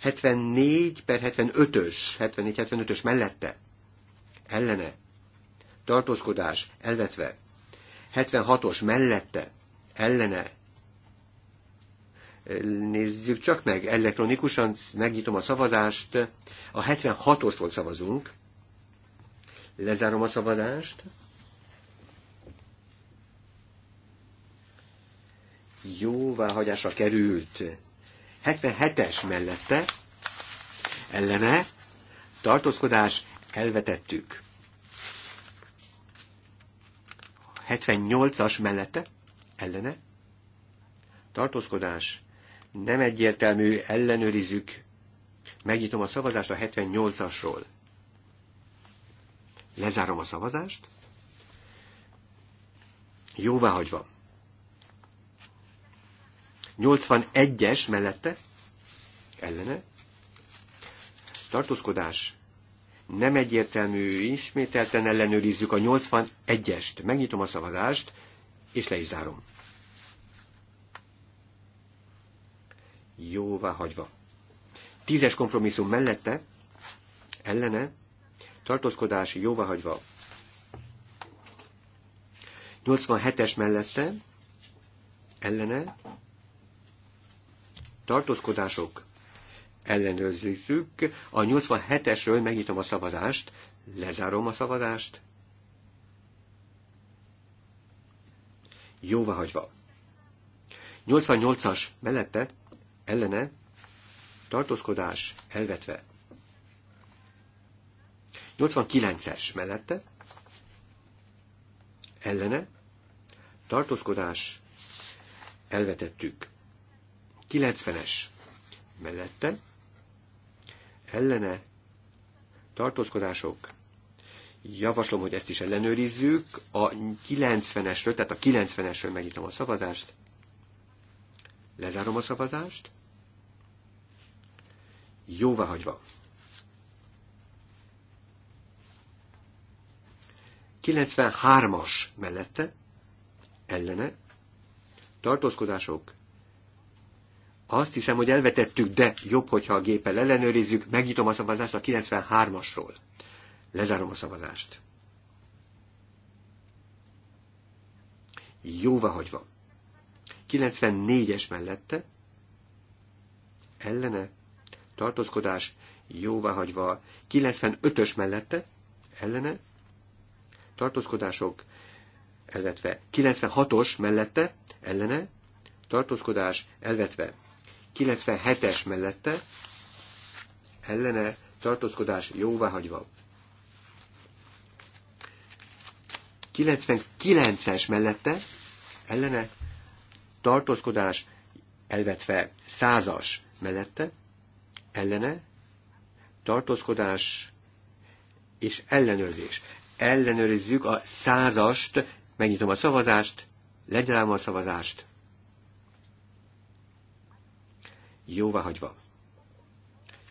74 per 75-ös, 74-75-ös mellette, ellene, tartózkodás elvetve. 76-os mellette, ellene. Nézzük csak meg, elektronikusan megnyitom a szavazást. A 76-osról szavazunk. Lezárom a szavazást. jóváhagyásra került. 77-es mellette ellene tartózkodás elvetettük. 78-as mellette ellene tartózkodás nem egyértelmű, ellenőrizzük. Megnyitom a szavazást a 78-asról. Lezárom a szavazást. Jóváhagyva. 81-es mellette ellene tartózkodás nem egyértelmű, ismételten ellenőrizzük a 81-est. Megnyitom a szavazást, és le is zárom. Jóvá hagyva. Tízes kompromisszum mellette, ellene, tartózkodás jóvá hagyva. 87-es mellette, ellene, tartózkodások ellenőrizzük. A 87-esről megnyitom a szavazást, lezárom a szavazást. Jóvá hagyva. 88-as mellette ellene tartózkodás elvetve. 89-es mellette ellene tartózkodás elvetettük. 90-es mellette ellene tartózkodások. Javaslom, hogy ezt is ellenőrizzük. A 90-esről, tehát a 90-esről megnyitom a szavazást. Lezárom a szavazást. Jóvá hagyva. 93-as mellette ellene tartózkodások azt hiszem, hogy elvetettük, de jobb, hogyha a géppel ellenőrizzük. Megnyitom a szavazást a 93-asról. Lezárom a szavazást. Jóvá hagyva. 94-es mellette ellene tartózkodás jóváhagyva 95-ös mellette ellene tartózkodások, elvetve 96-os mellette ellene tartózkodás, elvetve 97-es mellette ellene tartózkodás jóváhagyva. 99-es mellette ellene tartózkodás elvetve százas mellette ellene tartózkodás és ellenőrzés. Ellenőrizzük a százast, megnyitom a szavazást, legyen a szavazást. jóváhagyva.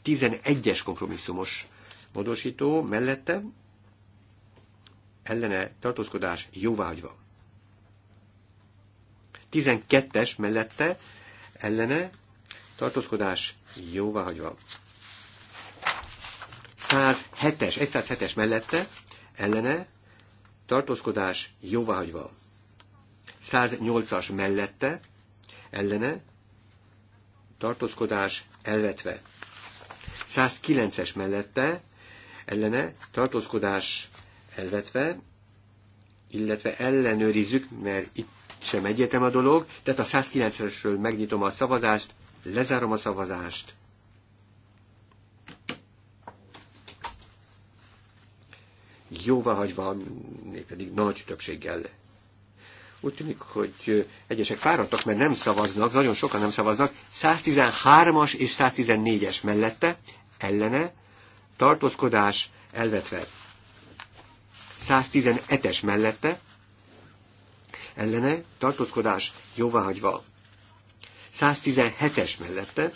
11-es kompromisszumos módosító mellette ellene tartózkodás jóváhagyva. 12-es mellette ellene tartózkodás hagyva. 107-es, 107-es mellette ellene tartózkodás jóváhagyva. 108-as mellette ellene tartózkodás elvetve. 109-es mellette ellene tartózkodás elvetve, illetve ellenőrizzük, mert itt sem egyetem a dolog, tehát a 109-esről megnyitom a szavazást, lezárom a szavazást, jóváhagyva, pedig nagy többséggel úgy tűnik, hogy egyesek fáradtak, mert nem szavaznak, nagyon sokan nem szavaznak. 113-as és 114-es mellette, ellene, tartózkodás elvetve. 117-es mellette, ellene, tartózkodás jóváhagyva. 117-es mellette,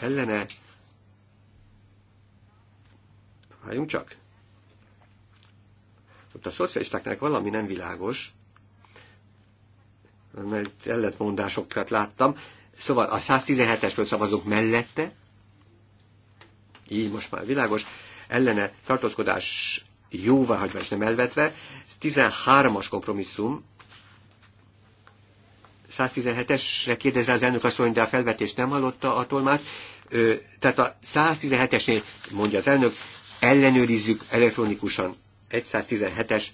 ellene, várjunk csak, ott a szocialistáknak valami nem világos, mert ellentmondásokat láttam. Szóval a 117-esről szavazunk mellette, így most már világos, ellene tartózkodás jóváhagyva és nem elvetve, 13-as kompromisszum, 117-esre kérdez rá az elnök asszony, de a felvetést nem hallotta a tolmát. Ö, tehát a 117-esnél, mondja az elnök, ellenőrizzük elektronikusan. 117-es,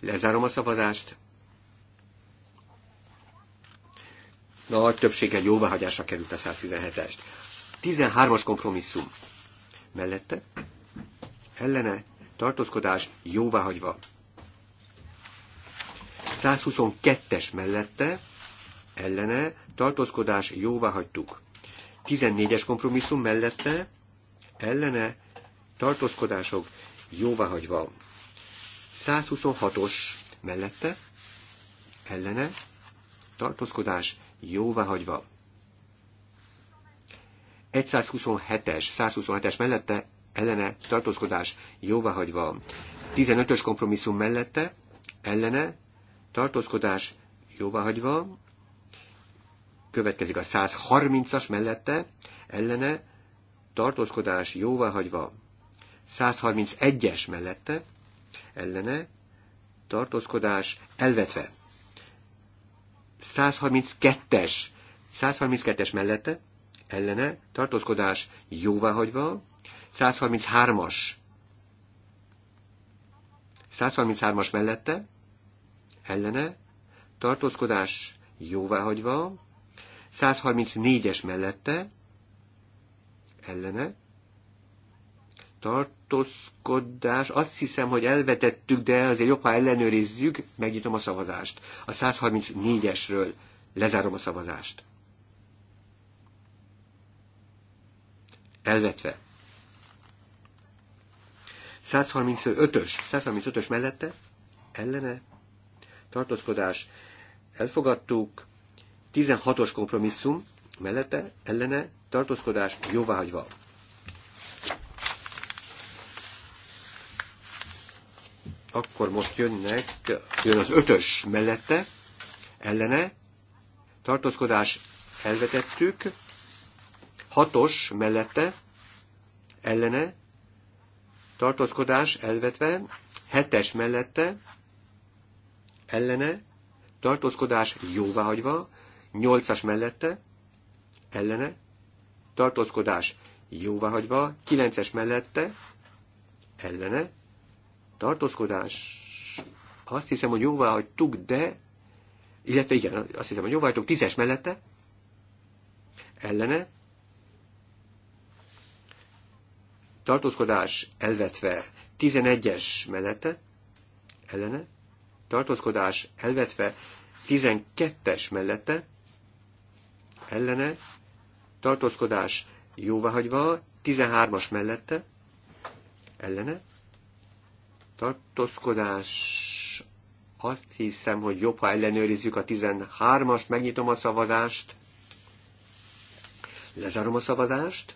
lezárom a szavazást. nagy többséggel jóváhagyásra került a 117-est. 13-as kompromisszum mellette ellene tartózkodás jóváhagyva. 122-es mellette ellene tartózkodás jóváhagytuk. 14-es kompromisszum mellette ellene tartózkodások jóváhagyva. 126-os mellette ellene tartózkodás jóváhagyva. 127-es, 127-es mellette ellene tartózkodás jóváhagyva. 15-ös kompromisszum mellette ellene tartózkodás jóváhagyva. Következik a 130-as mellette ellene tartózkodás jóváhagyva. 131-es mellette ellene tartózkodás elvetve. 132-es, 132-es mellette, ellene, tartózkodás jóváhagyva, 133-as, 133-as mellette, ellene, tartózkodás jóváhagyva, 134-es mellette, ellene, tartózkodás, azt hiszem, hogy elvetettük, de azért jobb, ha ellenőrizzük, megnyitom a szavazást. A 134-esről lezárom a szavazást. Elvetve. 135-ös, 135-ös mellette, ellene, tartózkodás, elfogadtuk, 16-os kompromisszum, mellette, ellene, tartózkodás, jóváhagyva. Akkor most jönnek, jön az ötös mellette, ellene, tartózkodás elvetettük, hatos mellette, ellene, tartózkodás elvetve, hetes mellette, ellene, tartózkodás jóváhagyva, nyolcas mellette, ellene, tartózkodás jóváhagyva, kilences mellette, ellene, tartózkodás, azt hiszem, hogy jóvá hagytuk, de, illetve igen, azt hiszem, hogy jóvá hagytuk, tízes mellette, ellene, tartózkodás elvetve tizenegyes mellette, ellene, tartózkodás elvetve tizenkettes mellette, ellene, tartózkodás jóváhagyva 13-as mellette, ellene, tartózkodás, azt hiszem, hogy jobb, ha ellenőrizzük a 13-ast, megnyitom a szavazást, lezárom a szavazást,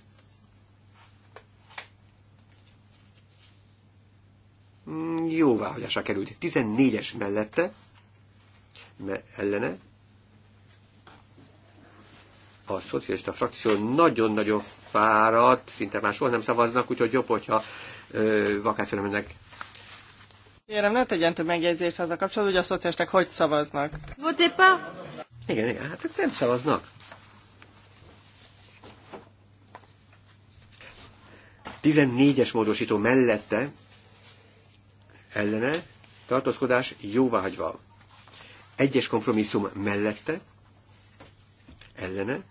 mm, jóváhagyásra került. 14-es mellette, me ellene, a szocialista frakció nagyon-nagyon fáradt, szinte máshol nem szavaznak, úgyhogy jobb, hogyha vakációra mennek Kérem, ne tegyen több megjegyzést a kapcsolatban, hogy a szociálisták hogy szavaznak. Votépa. Igen, igen, hát ők nem szavaznak. 14-es módosító mellette ellene tartózkodás jóváhagyva. Egyes kompromisszum mellette ellene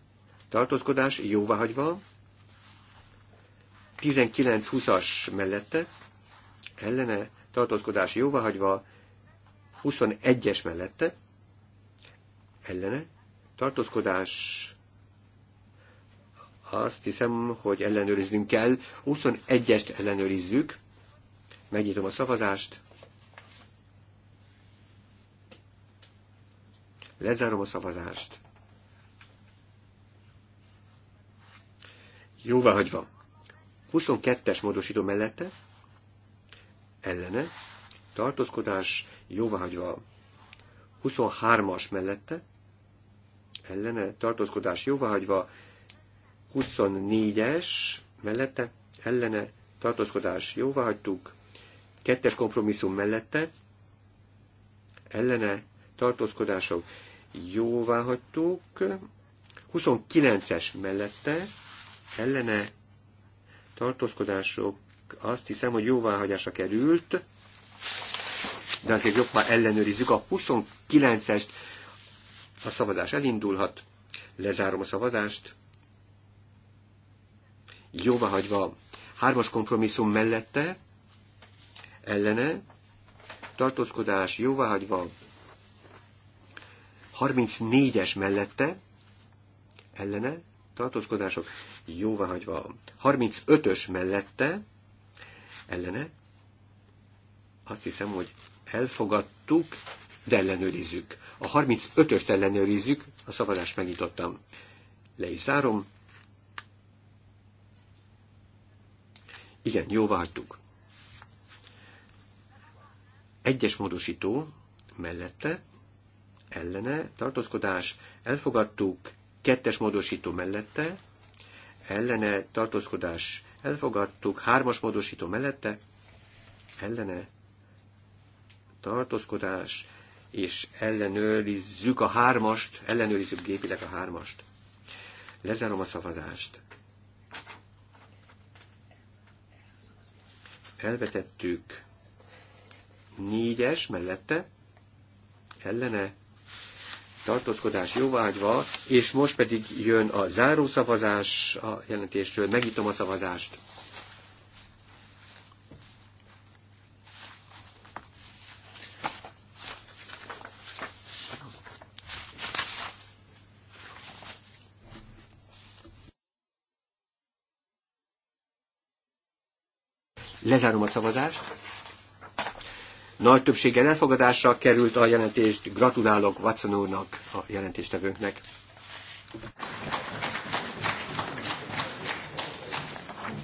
tartózkodás jóváhagyva. 19-20-as mellette ellene tartózkodási jóváhagyva, 21-es mellette, ellene, tartózkodás, azt hiszem, hogy ellenőriznünk kell, 21-est ellenőrizzük, megnyitom a szavazást, lezárom a szavazást, jóváhagyva, 22-es módosító mellette, ellene, tartózkodás jóváhagyva 23-as mellette, ellene, tartózkodás jóváhagyva 24-es mellette, ellene, tartózkodás jóváhagytuk, kettes kompromisszum mellette, ellene, tartózkodások jóváhagytuk, 29-es mellette, ellene, tartózkodások azt hiszem, hogy jóváhagyása került, de azért jobban ellenőrizzük. A 29-est a szavazás elindulhat, lezárom a szavazást, jóváhagyva hármas kompromisszum mellette, ellene, tartózkodás jóváhagyva, 34-es mellette, ellene, tartózkodások jóváhagyva, 35-ös mellette, ellene. Azt hiszem, hogy elfogadtuk, de ellenőrizzük. A 35-öst ellenőrizzük, a szavazást megnyitottam. Le is zárom. Igen, jó vártuk. Egyes módosító mellette, ellene, tartózkodás, elfogadtuk, kettes módosító mellette, ellene, tartózkodás, Elfogadtuk hármas módosító mellette, ellene tartózkodás, és ellenőrizzük a hármast, ellenőrizzük gépileg a hármast. Lezárom a szavazást. Elvetettük négyes mellette, ellene tartózkodás jóvágyva, és most pedig jön a záró szavazás a jelentésről. Megnyitom a szavazást. Lezárom a szavazást. Nagy többséggel elfogadásra került a jelentést. Gratulálok Watson úrnak, a jelentéstevőnknek.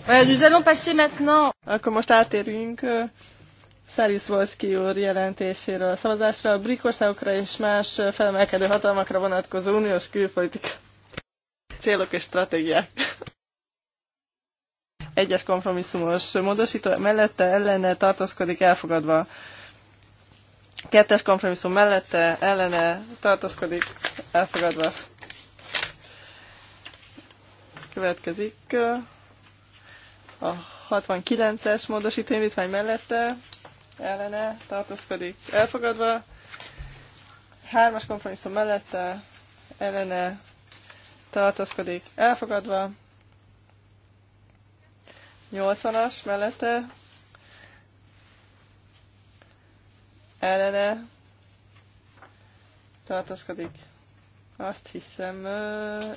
Nous allons passer maintenant. Akkor most átérünk Szerűs Volszki úr jelentéséről a szavazásra, a brik országokra és más felemelkedő hatalmakra vonatkozó uniós külpolitika célok és stratégiák. Egyes kompromisszumos módosító mellette ellene tartózkodik elfogadva. Kettes kompromisszum mellette, ellene tartozkodik, elfogadva. Következik uh, a 69-es módosítvány mellette, ellene tartozkodik, elfogadva. Hármas kompromisszum mellette, ellene tartozkodik, elfogadva. 80-as mellette, ellene tartozkodik. Azt hiszem,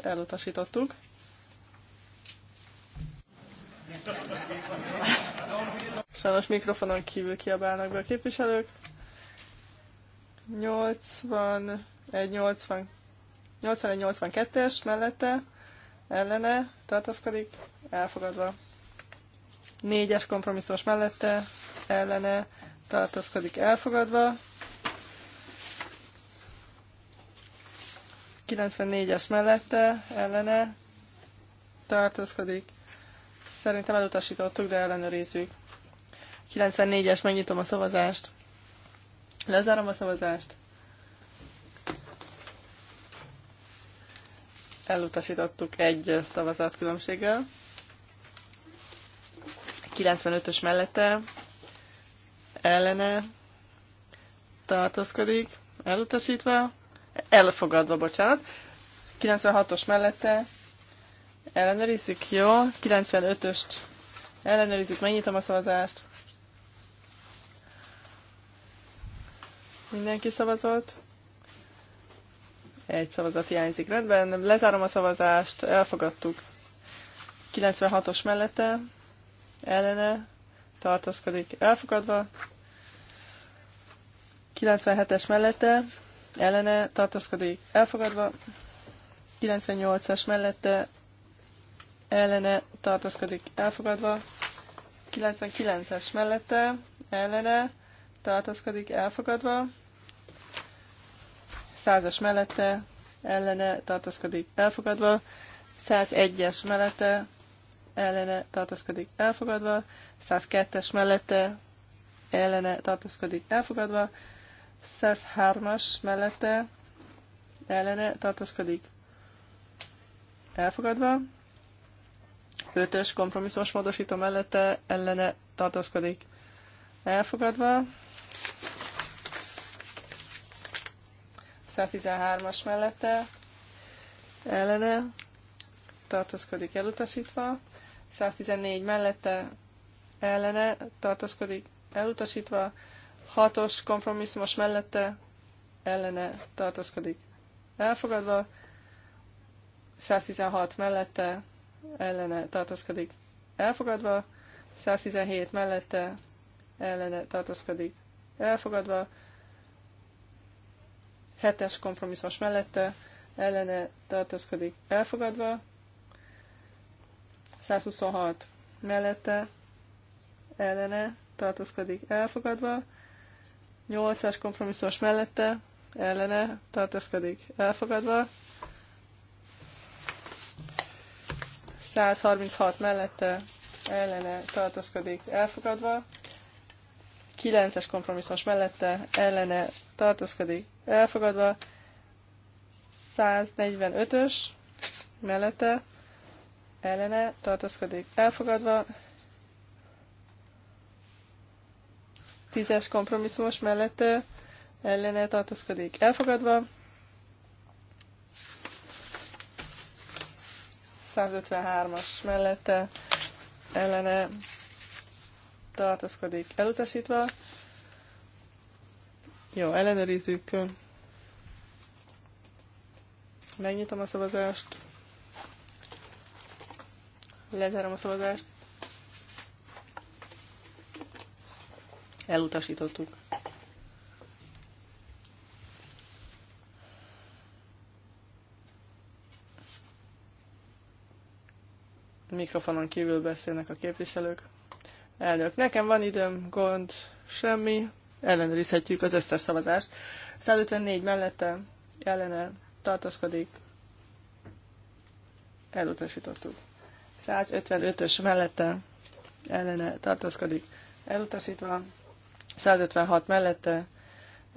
elutasítottuk. Sajnos mikrofonon kívül kiabálnak be a képviselők. 81-82-es mellette ellene tartozkodik, elfogadva. 4-es kompromisszós mellette ellene tartózkodik elfogadva. 94-es mellette, ellene tartózkodik. Szerintem elutasítottuk, de ellenőrizzük. 94-es, megnyitom a szavazást. Lezárom a szavazást. Elutasítottuk egy szavazat különbséggel. 95-ös mellette ellene tartózkodik, elutasítva, elfogadva, bocsánat. 96-os mellette ellenőrizzük, jó, 95-öst ellenőrizzük, megnyitom a szavazást. Mindenki szavazott? Egy szavazat hiányzik, rendben, lezárom a szavazást, elfogadtuk. 96-os mellette, ellene, tartózkodik elfogadva, 97-es mellette ellene tartózkodik elfogadva, 98-as mellette ellene tartózkodik elfogadva, 99-es mellette ellene tartózkodik elfogadva, 100-as mellette ellene tartózkodik elfogadva, 101-es mellette ellene tartózkodik elfogadva, 102-es mellette ellene tartózkodik elfogadva, 103-as mellette ellene tartózkodik elfogadva, 5-ös kompromisszumos módosító mellette ellene tartózkodik elfogadva, 113-as mellette ellene tartózkodik elutasítva, 114 mellette ellene tartózkodik elutasítva, hatos kompromisszumos mellette ellene tartózkodik elfogadva, 116 mellette ellene tartózkodik elfogadva, 117 mellette ellene tartózkodik elfogadva, 7-es kompromisszumos mellette ellene tartózkodik elfogadva, 126 mellette ellene tartózkodik elfogadva, 8-as kompromisszumos mellette ellene tartózkodik elfogadva, 136 mellette ellene tartózkodik elfogadva, 9-es kompromisszumos mellette ellene tartózkodik elfogadva, 145-ös mellette ellene tartózkodik elfogadva, Tízes kompromisszumos mellette ellene tartózkodik elfogadva. 153-as mellette ellene tartózkodik elutasítva. Jó, ellenőrizzük. Megnyitom a szavazást. Lezárom a szavazást. Elutasítottuk. Mikrofonon kívül beszélnek a képviselők. Elnök, nekem van időm, gond, semmi. Ellenőrizhetjük az összes szavazást. 154 mellette ellene tartozkodik. Elutasítottuk. 155-ös mellette ellene tartozkodik. Elutasítva 156 mellette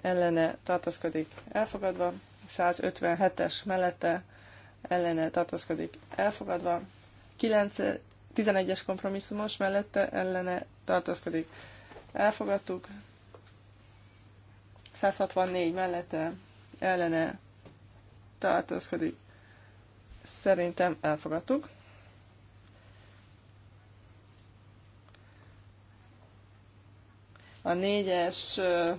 ellene tartózkodik elfogadva, 157-es mellette ellene tartózkodik elfogadva, 9, 11-es kompromisszumos mellette ellene tartózkodik elfogadtuk, 164 mellette ellene tartózkodik szerintem elfogadtuk. A négyesről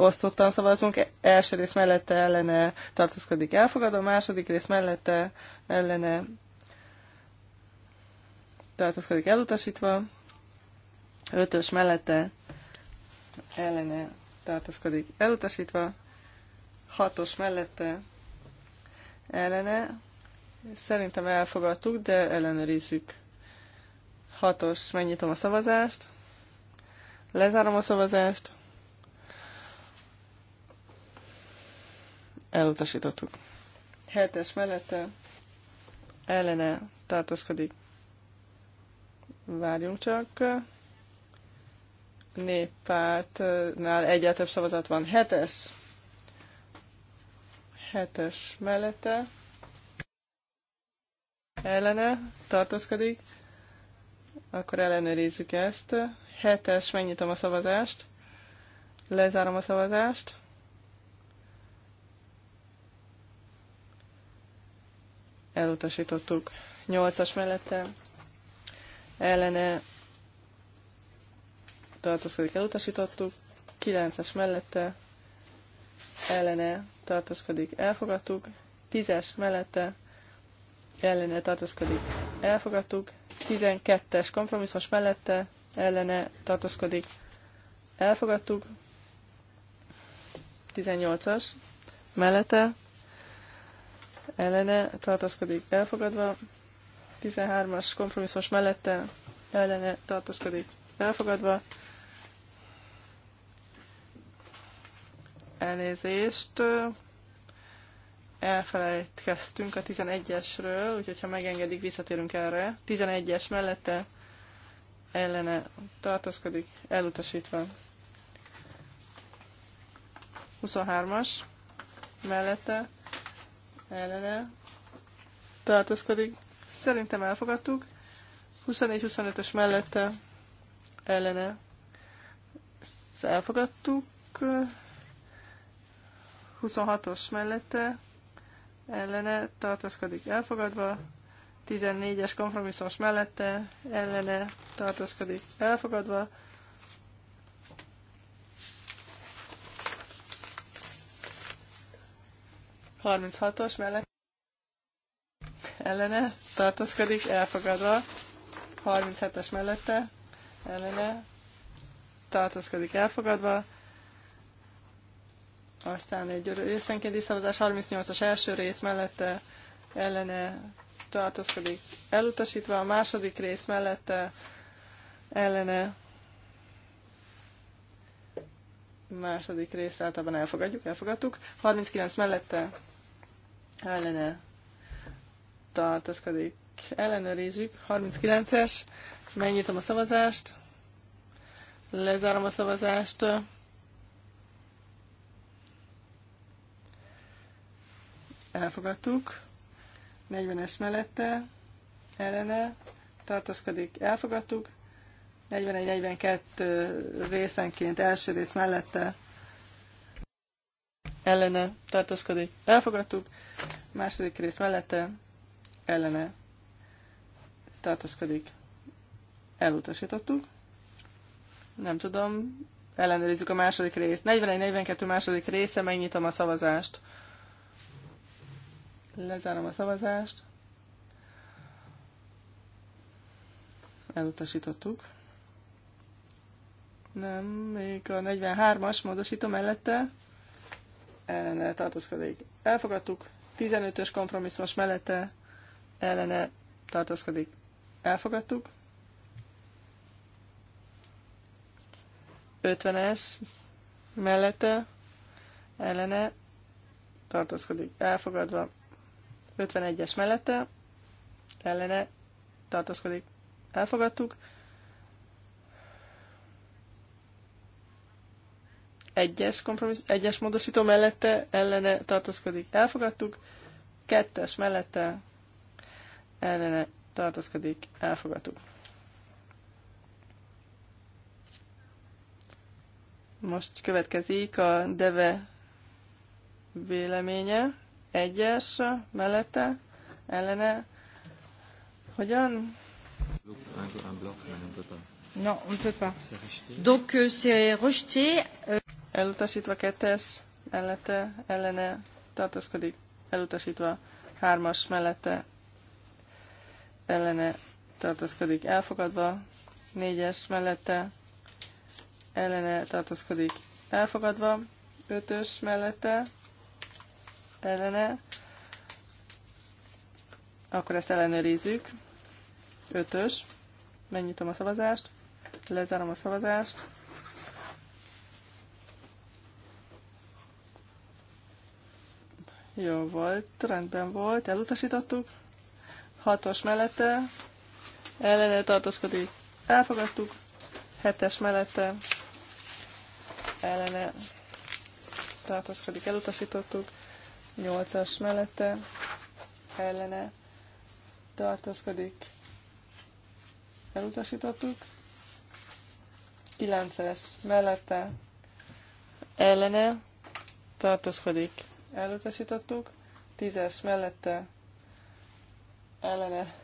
osztottan szavazunk, első rész mellette ellene tartózkodik elfogadó, második rész mellette ellene tartózkodik elutasítva, ötös mellette ellene tartózkodik elutasítva, hatos mellette ellene, szerintem elfogadtuk, de ellenőrizzük. Hatos, megnyitom a szavazást. Lezárom a szavazást. Elutasítottuk. Hetes mellette ellene tartózkodik. Várjunk csak. Néppártnál egyet több szavazat van. Hetes. Hetes mellette ellene tartózkodik. Akkor ellenőrizzük ezt. Hetes, megnyitom a szavazást. Lezárom a szavazást. Elutasítottuk. Nyolcas mellette ellene tartózkodik, elutasítottuk. Kilences mellette ellene tartózkodik, elfogadtuk. Tízes mellette ellene tartózkodik, elfogadtuk. Tizenkettes kompromisszos mellette ellene tartózkodik. Elfogadtuk. 18-as mellette ellene tartózkodik. Elfogadva. 13-as kompromisszos mellette ellene tartózkodik. Elfogadva. Elnézést. Elfelejtkeztünk a 11-esről, úgyhogy ha megengedik, visszatérünk erre. 11-es mellette ellene tartózkodik, elutasítva. 23-as mellette ellene tartózkodik. Szerintem elfogadtuk. 24-25-ös mellette ellene ezt elfogadtuk. 26-os mellette ellene tartózkodik elfogadva. 14-es kompromisszumos mellette ellene tartózkodik elfogadva. Harminchatos mellett ellene tartózkodik elfogadva. 37-es mellette ellene tartózkodik elfogadva. Aztán egy részenkénti szavazás 38-as első rész mellette ellene tartózkodik elutasítva, a második rész mellette ellene második rész általában elfogadjuk, elfogadtuk. 39 mellette ellene tartózkodik. Ellenőrizzük. 39-es. Megnyitom a szavazást. Lezárom a szavazást. Elfogadtuk. 40-es mellette, ellene, tartózkodik, elfogadtuk. 41-42 részenként első rész mellette, ellene, tartózkodik, elfogadtuk. Második rész mellette, ellene, tartózkodik, elutasítottuk. Nem tudom, ellenőrizzük a második részt. 41-42 második része, megnyitom a szavazást. Lezárom a szavazást. Elutasítottuk. Nem, még a 43-as módosító mellette ellene tartózkodik. Elfogadtuk. 15-ös kompromisszumos mellette ellene tartózkodik. Elfogadtuk. 50-es mellette ellene tartózkodik. Elfogadva. 51-es mellette ellene tartózkodik. Elfogadtuk. Egyes, kompromissz, egyes módosító mellette ellene tartózkodik. Elfogadtuk. Kettes mellette ellene tartózkodik. Elfogadtuk. Most következik a Deve véleménye. Egyes mellette ellene. Hogyan? Non, on ne peut pas. Donc euh, c'est rejeté. Euh, elutasítva kettes, mellette, ellene tartózkodik, elutasítva hármas mellette, ellene tartózkodik, elfogadva, négyes mellette, ellene tartózkodik, elfogadva, ötös mellette, ellene, akkor ezt ellenőrizzük. Ötös. Megnyitom a szavazást. Lezárom a szavazást. Jó volt, rendben volt, elutasítottuk. Hatos mellette, ellene tartózkodik, elfogadtuk. Hetes mellette, ellene tartózkodik, elutasítottuk. Nyolcas mellette ellene tartózkodik. Elutasítottuk. Kilences mellette ellene tartózkodik. Elutasítottuk. Tízes mellette ellene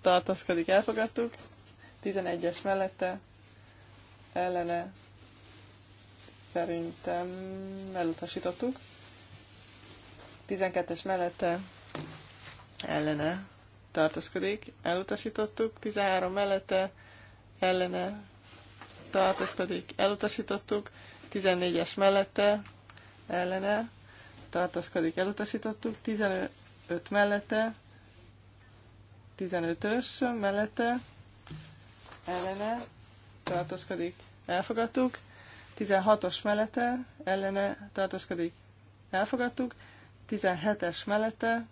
tartózkodik. Elfogadtuk. Tizenegyes mellette ellene szerintem elutasítottuk. 12-es mellette ellene tartózkodik, elutasítottuk, 13 mellette ellene tartózkodik, elutasítottuk, 14-es mellette ellene tartózkodik, elutasítottuk, 15 mellette, 15-ös mellette ellene tartózkodik, elfogadtuk, 16-os mellette ellene tartózkodik, elfogadtuk, 17-es mellette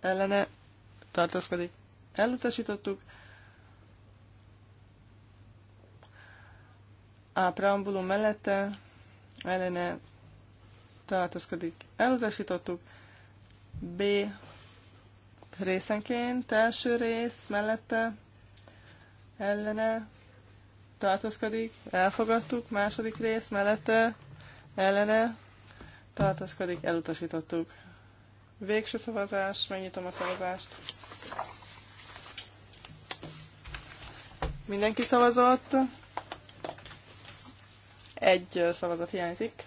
ellene tartózkodik. Elutasítottuk. A preambulum mellette ellene tartózkodik. Elutasítottuk. B részenként első rész mellette ellene tartózkodik. Elfogadtuk. Második rész mellette ellene tartózkodik. Elutasítottuk. Végső szavazás, megnyitom a szavazást. Mindenki szavazott. Egy szavazat hiányzik.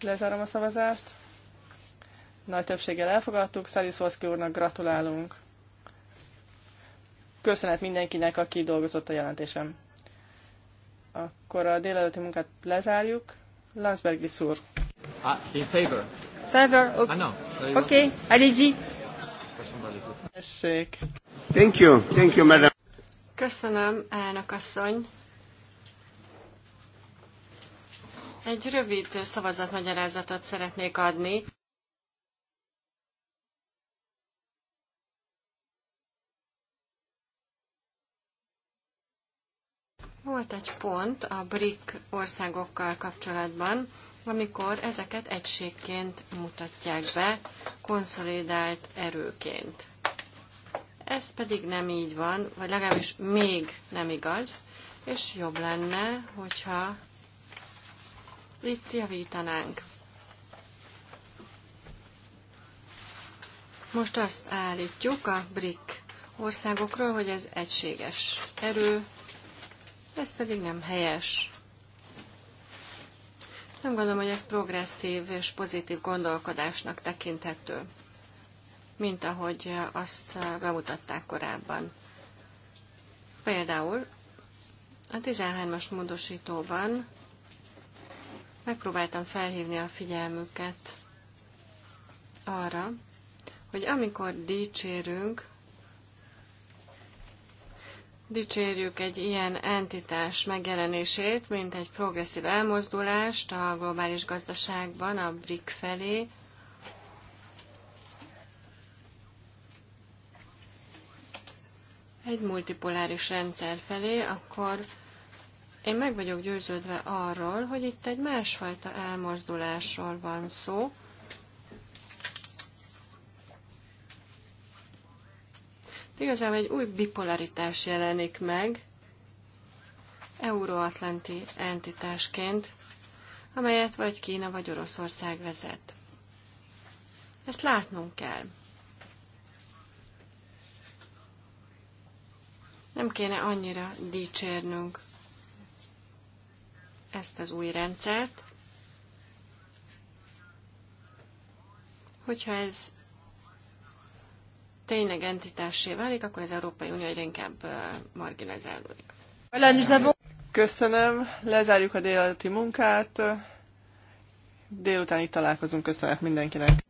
Lezárom a szavazást. Nagy többséggel elfogadtuk. Szeriuszolszki úrnak gratulálunk. Köszönet mindenkinek, aki dolgozott a jelentésem. Akkor a délelőtti munkát lezárjuk. Landsbergis úr. Ah, in favor favor? Okay. Ah, no. Euh, okay. allez-y. Thank you, thank you, madam. Köszönöm, elnök asszony. Egy rövid szavazatmagyarázatot szeretnék adni. Volt egy pont a BRIC országokkal kapcsolatban, amikor ezeket egységként mutatják be, konszolidált erőként. Ez pedig nem így van, vagy legalábbis még nem igaz, és jobb lenne, hogyha itt javítanánk. Most azt állítjuk a BRIC országokról, hogy ez egységes erő, ez pedig nem helyes. Nem gondolom, hogy ez progresszív és pozitív gondolkodásnak tekinthető, mint ahogy azt bemutatták korábban. Például a 13-as módosítóban megpróbáltam felhívni a figyelmüket arra, hogy amikor dicsérünk, dicsérjük egy ilyen entitás megjelenését, mint egy progresszív elmozdulást a globális gazdaságban, a BRIC felé. Egy multipoláris rendszer felé, akkor én meg vagyok győződve arról, hogy itt egy másfajta elmozdulásról van szó, Hát Igazán egy új bipolaritás jelenik meg, euróatlanti entitásként, amelyet vagy Kína, vagy Oroszország vezet. Ezt látnunk kell. Nem kéne annyira dicsérnünk ezt az új rendszert, hogyha ez tényleg entitássé válik, akkor az Európai Unió egyre inkább marginalizálódik. Köszönöm, lezárjuk a délelőtti munkát. Délután itt találkozunk, köszönet mindenkinek.